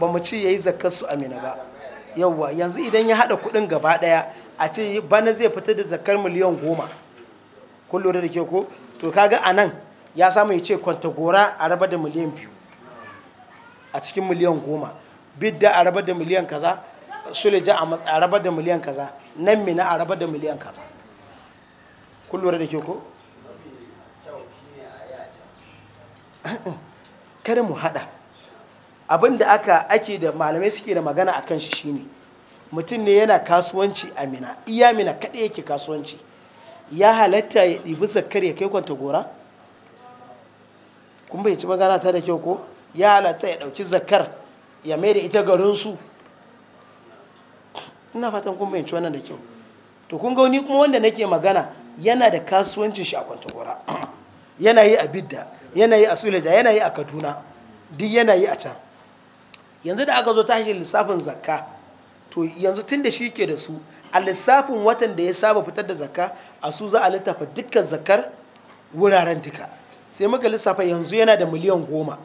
ba mu ci ya yi amina ba yawwa yanzu idan ya hada kudin gaba daya a ce bana zai fita da zakar miliyan goma kun lura da ke ko to kaga anan ya samu ya ce kwantagora a raba da miliyan biyu a cikin miliyan goma bidda a raba da miliyan kaza suleja a raba da miliyan kaza nan mina a raba da miliyan kaza kun da ke ko kada mu hada abinda aka ake da malamai suke da magana a kan shi shine mutum ne yana kasuwanci a mina iya mina kaɗai yake kasuwanci ya halatta ya ɗibi zakar ya kai kwanta gora kun bai ci magana ta da kyau ko ya halatta ya ɗauki zakar ya mai da ita garinsu ina fatan kun bai ci wannan da kyau to kun ga wani kuma wanda nake magana yana da kasuwancin shi a kwantagora yana yi a bidda yana yi a suleja yana yi a kaduna duk yana yi a can yanzu da aka zo tashi lissafin zakka to yanzu tun da shi ke da su a lissafin watan da ya saba fitar da zakka a su za a littafa dukkan zakkar wuraren duka sai muka lissafa yanzu yana da miliyan goma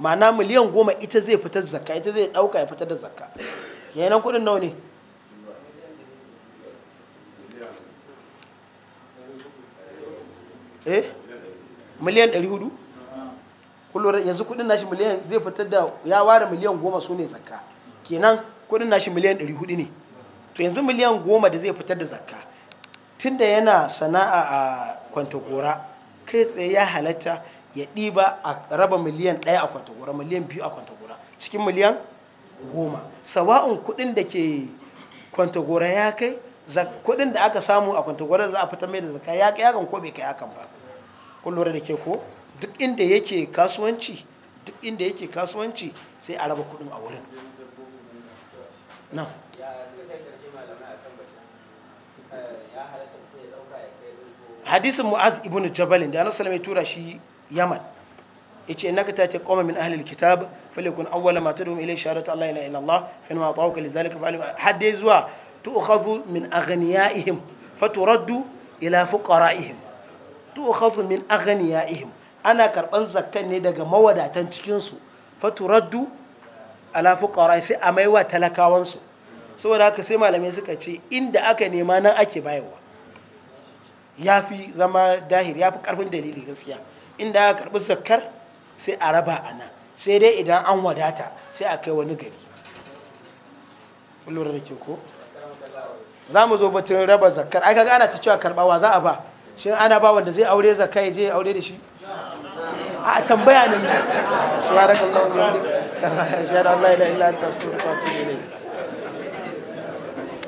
ma'ana miliyan goma ita zai fitar zakka ita zai ɗauka ya fitar da zakka yanan kuɗin nawa ne eh miliyan 400 kullum yanzu kudin nashi miliyan zai fitar da ya ware miliyan goma su ne zakka kenan kudin nashi miliyan 400 ne to yanzu miliyan goma da zai fitar da zakka tunda yana sana'a a kwantagora kai tsaye ya halatta ya ɗiba a raba miliyan 1 a kwantagora miliyan biyu a kwantagora cikin miliyan goma sawa'un kudin da ke kwantagora ya kai kuɗin da aka samu a kwantagwarar za a fitar mai da zaka ya kai hakan ko bai kai hakan ba kun da ke ko duk inda yake kasuwanci duk inda yake kasuwanci sai a raba kuɗin a wurin nan eh, hadisin mu'az ibn jabalin da annabi sallallahu tura shi yaman yace innaka tati koma min ahli alkitab falyakun awwala ma tad'um ilayhi shahadatu allahi la ilaha illallah fa ma ta'awka lidhalika fa hadde zuwa تؤخذ من أغنيائهم فترد إلى فقرائهم تؤخذ من أغنيائهم أنا كربان زكاة ندق مودا تنشكينسو فترد على فقرائهم أميوة تلكاوانسو saboda haka sai malamai suka ce inda aka nema nan ake bayarwa ya fi zama dahir ya fi karfin dalili gaskiya inda aka karbi zakkar sai a raba a nan sai dai idan an wadata sai a kai wani gari lura da ke ko za mu zo batun raba zakar ai kaga ana ta cewa karbawa za a ba shin ana ba wanda zai aure zakka ya je ya aure da shi a tambaya ne subhanakallahumma wa ya ashhadu an la ilaha illa anta astaghfiruka wa atubu ilayk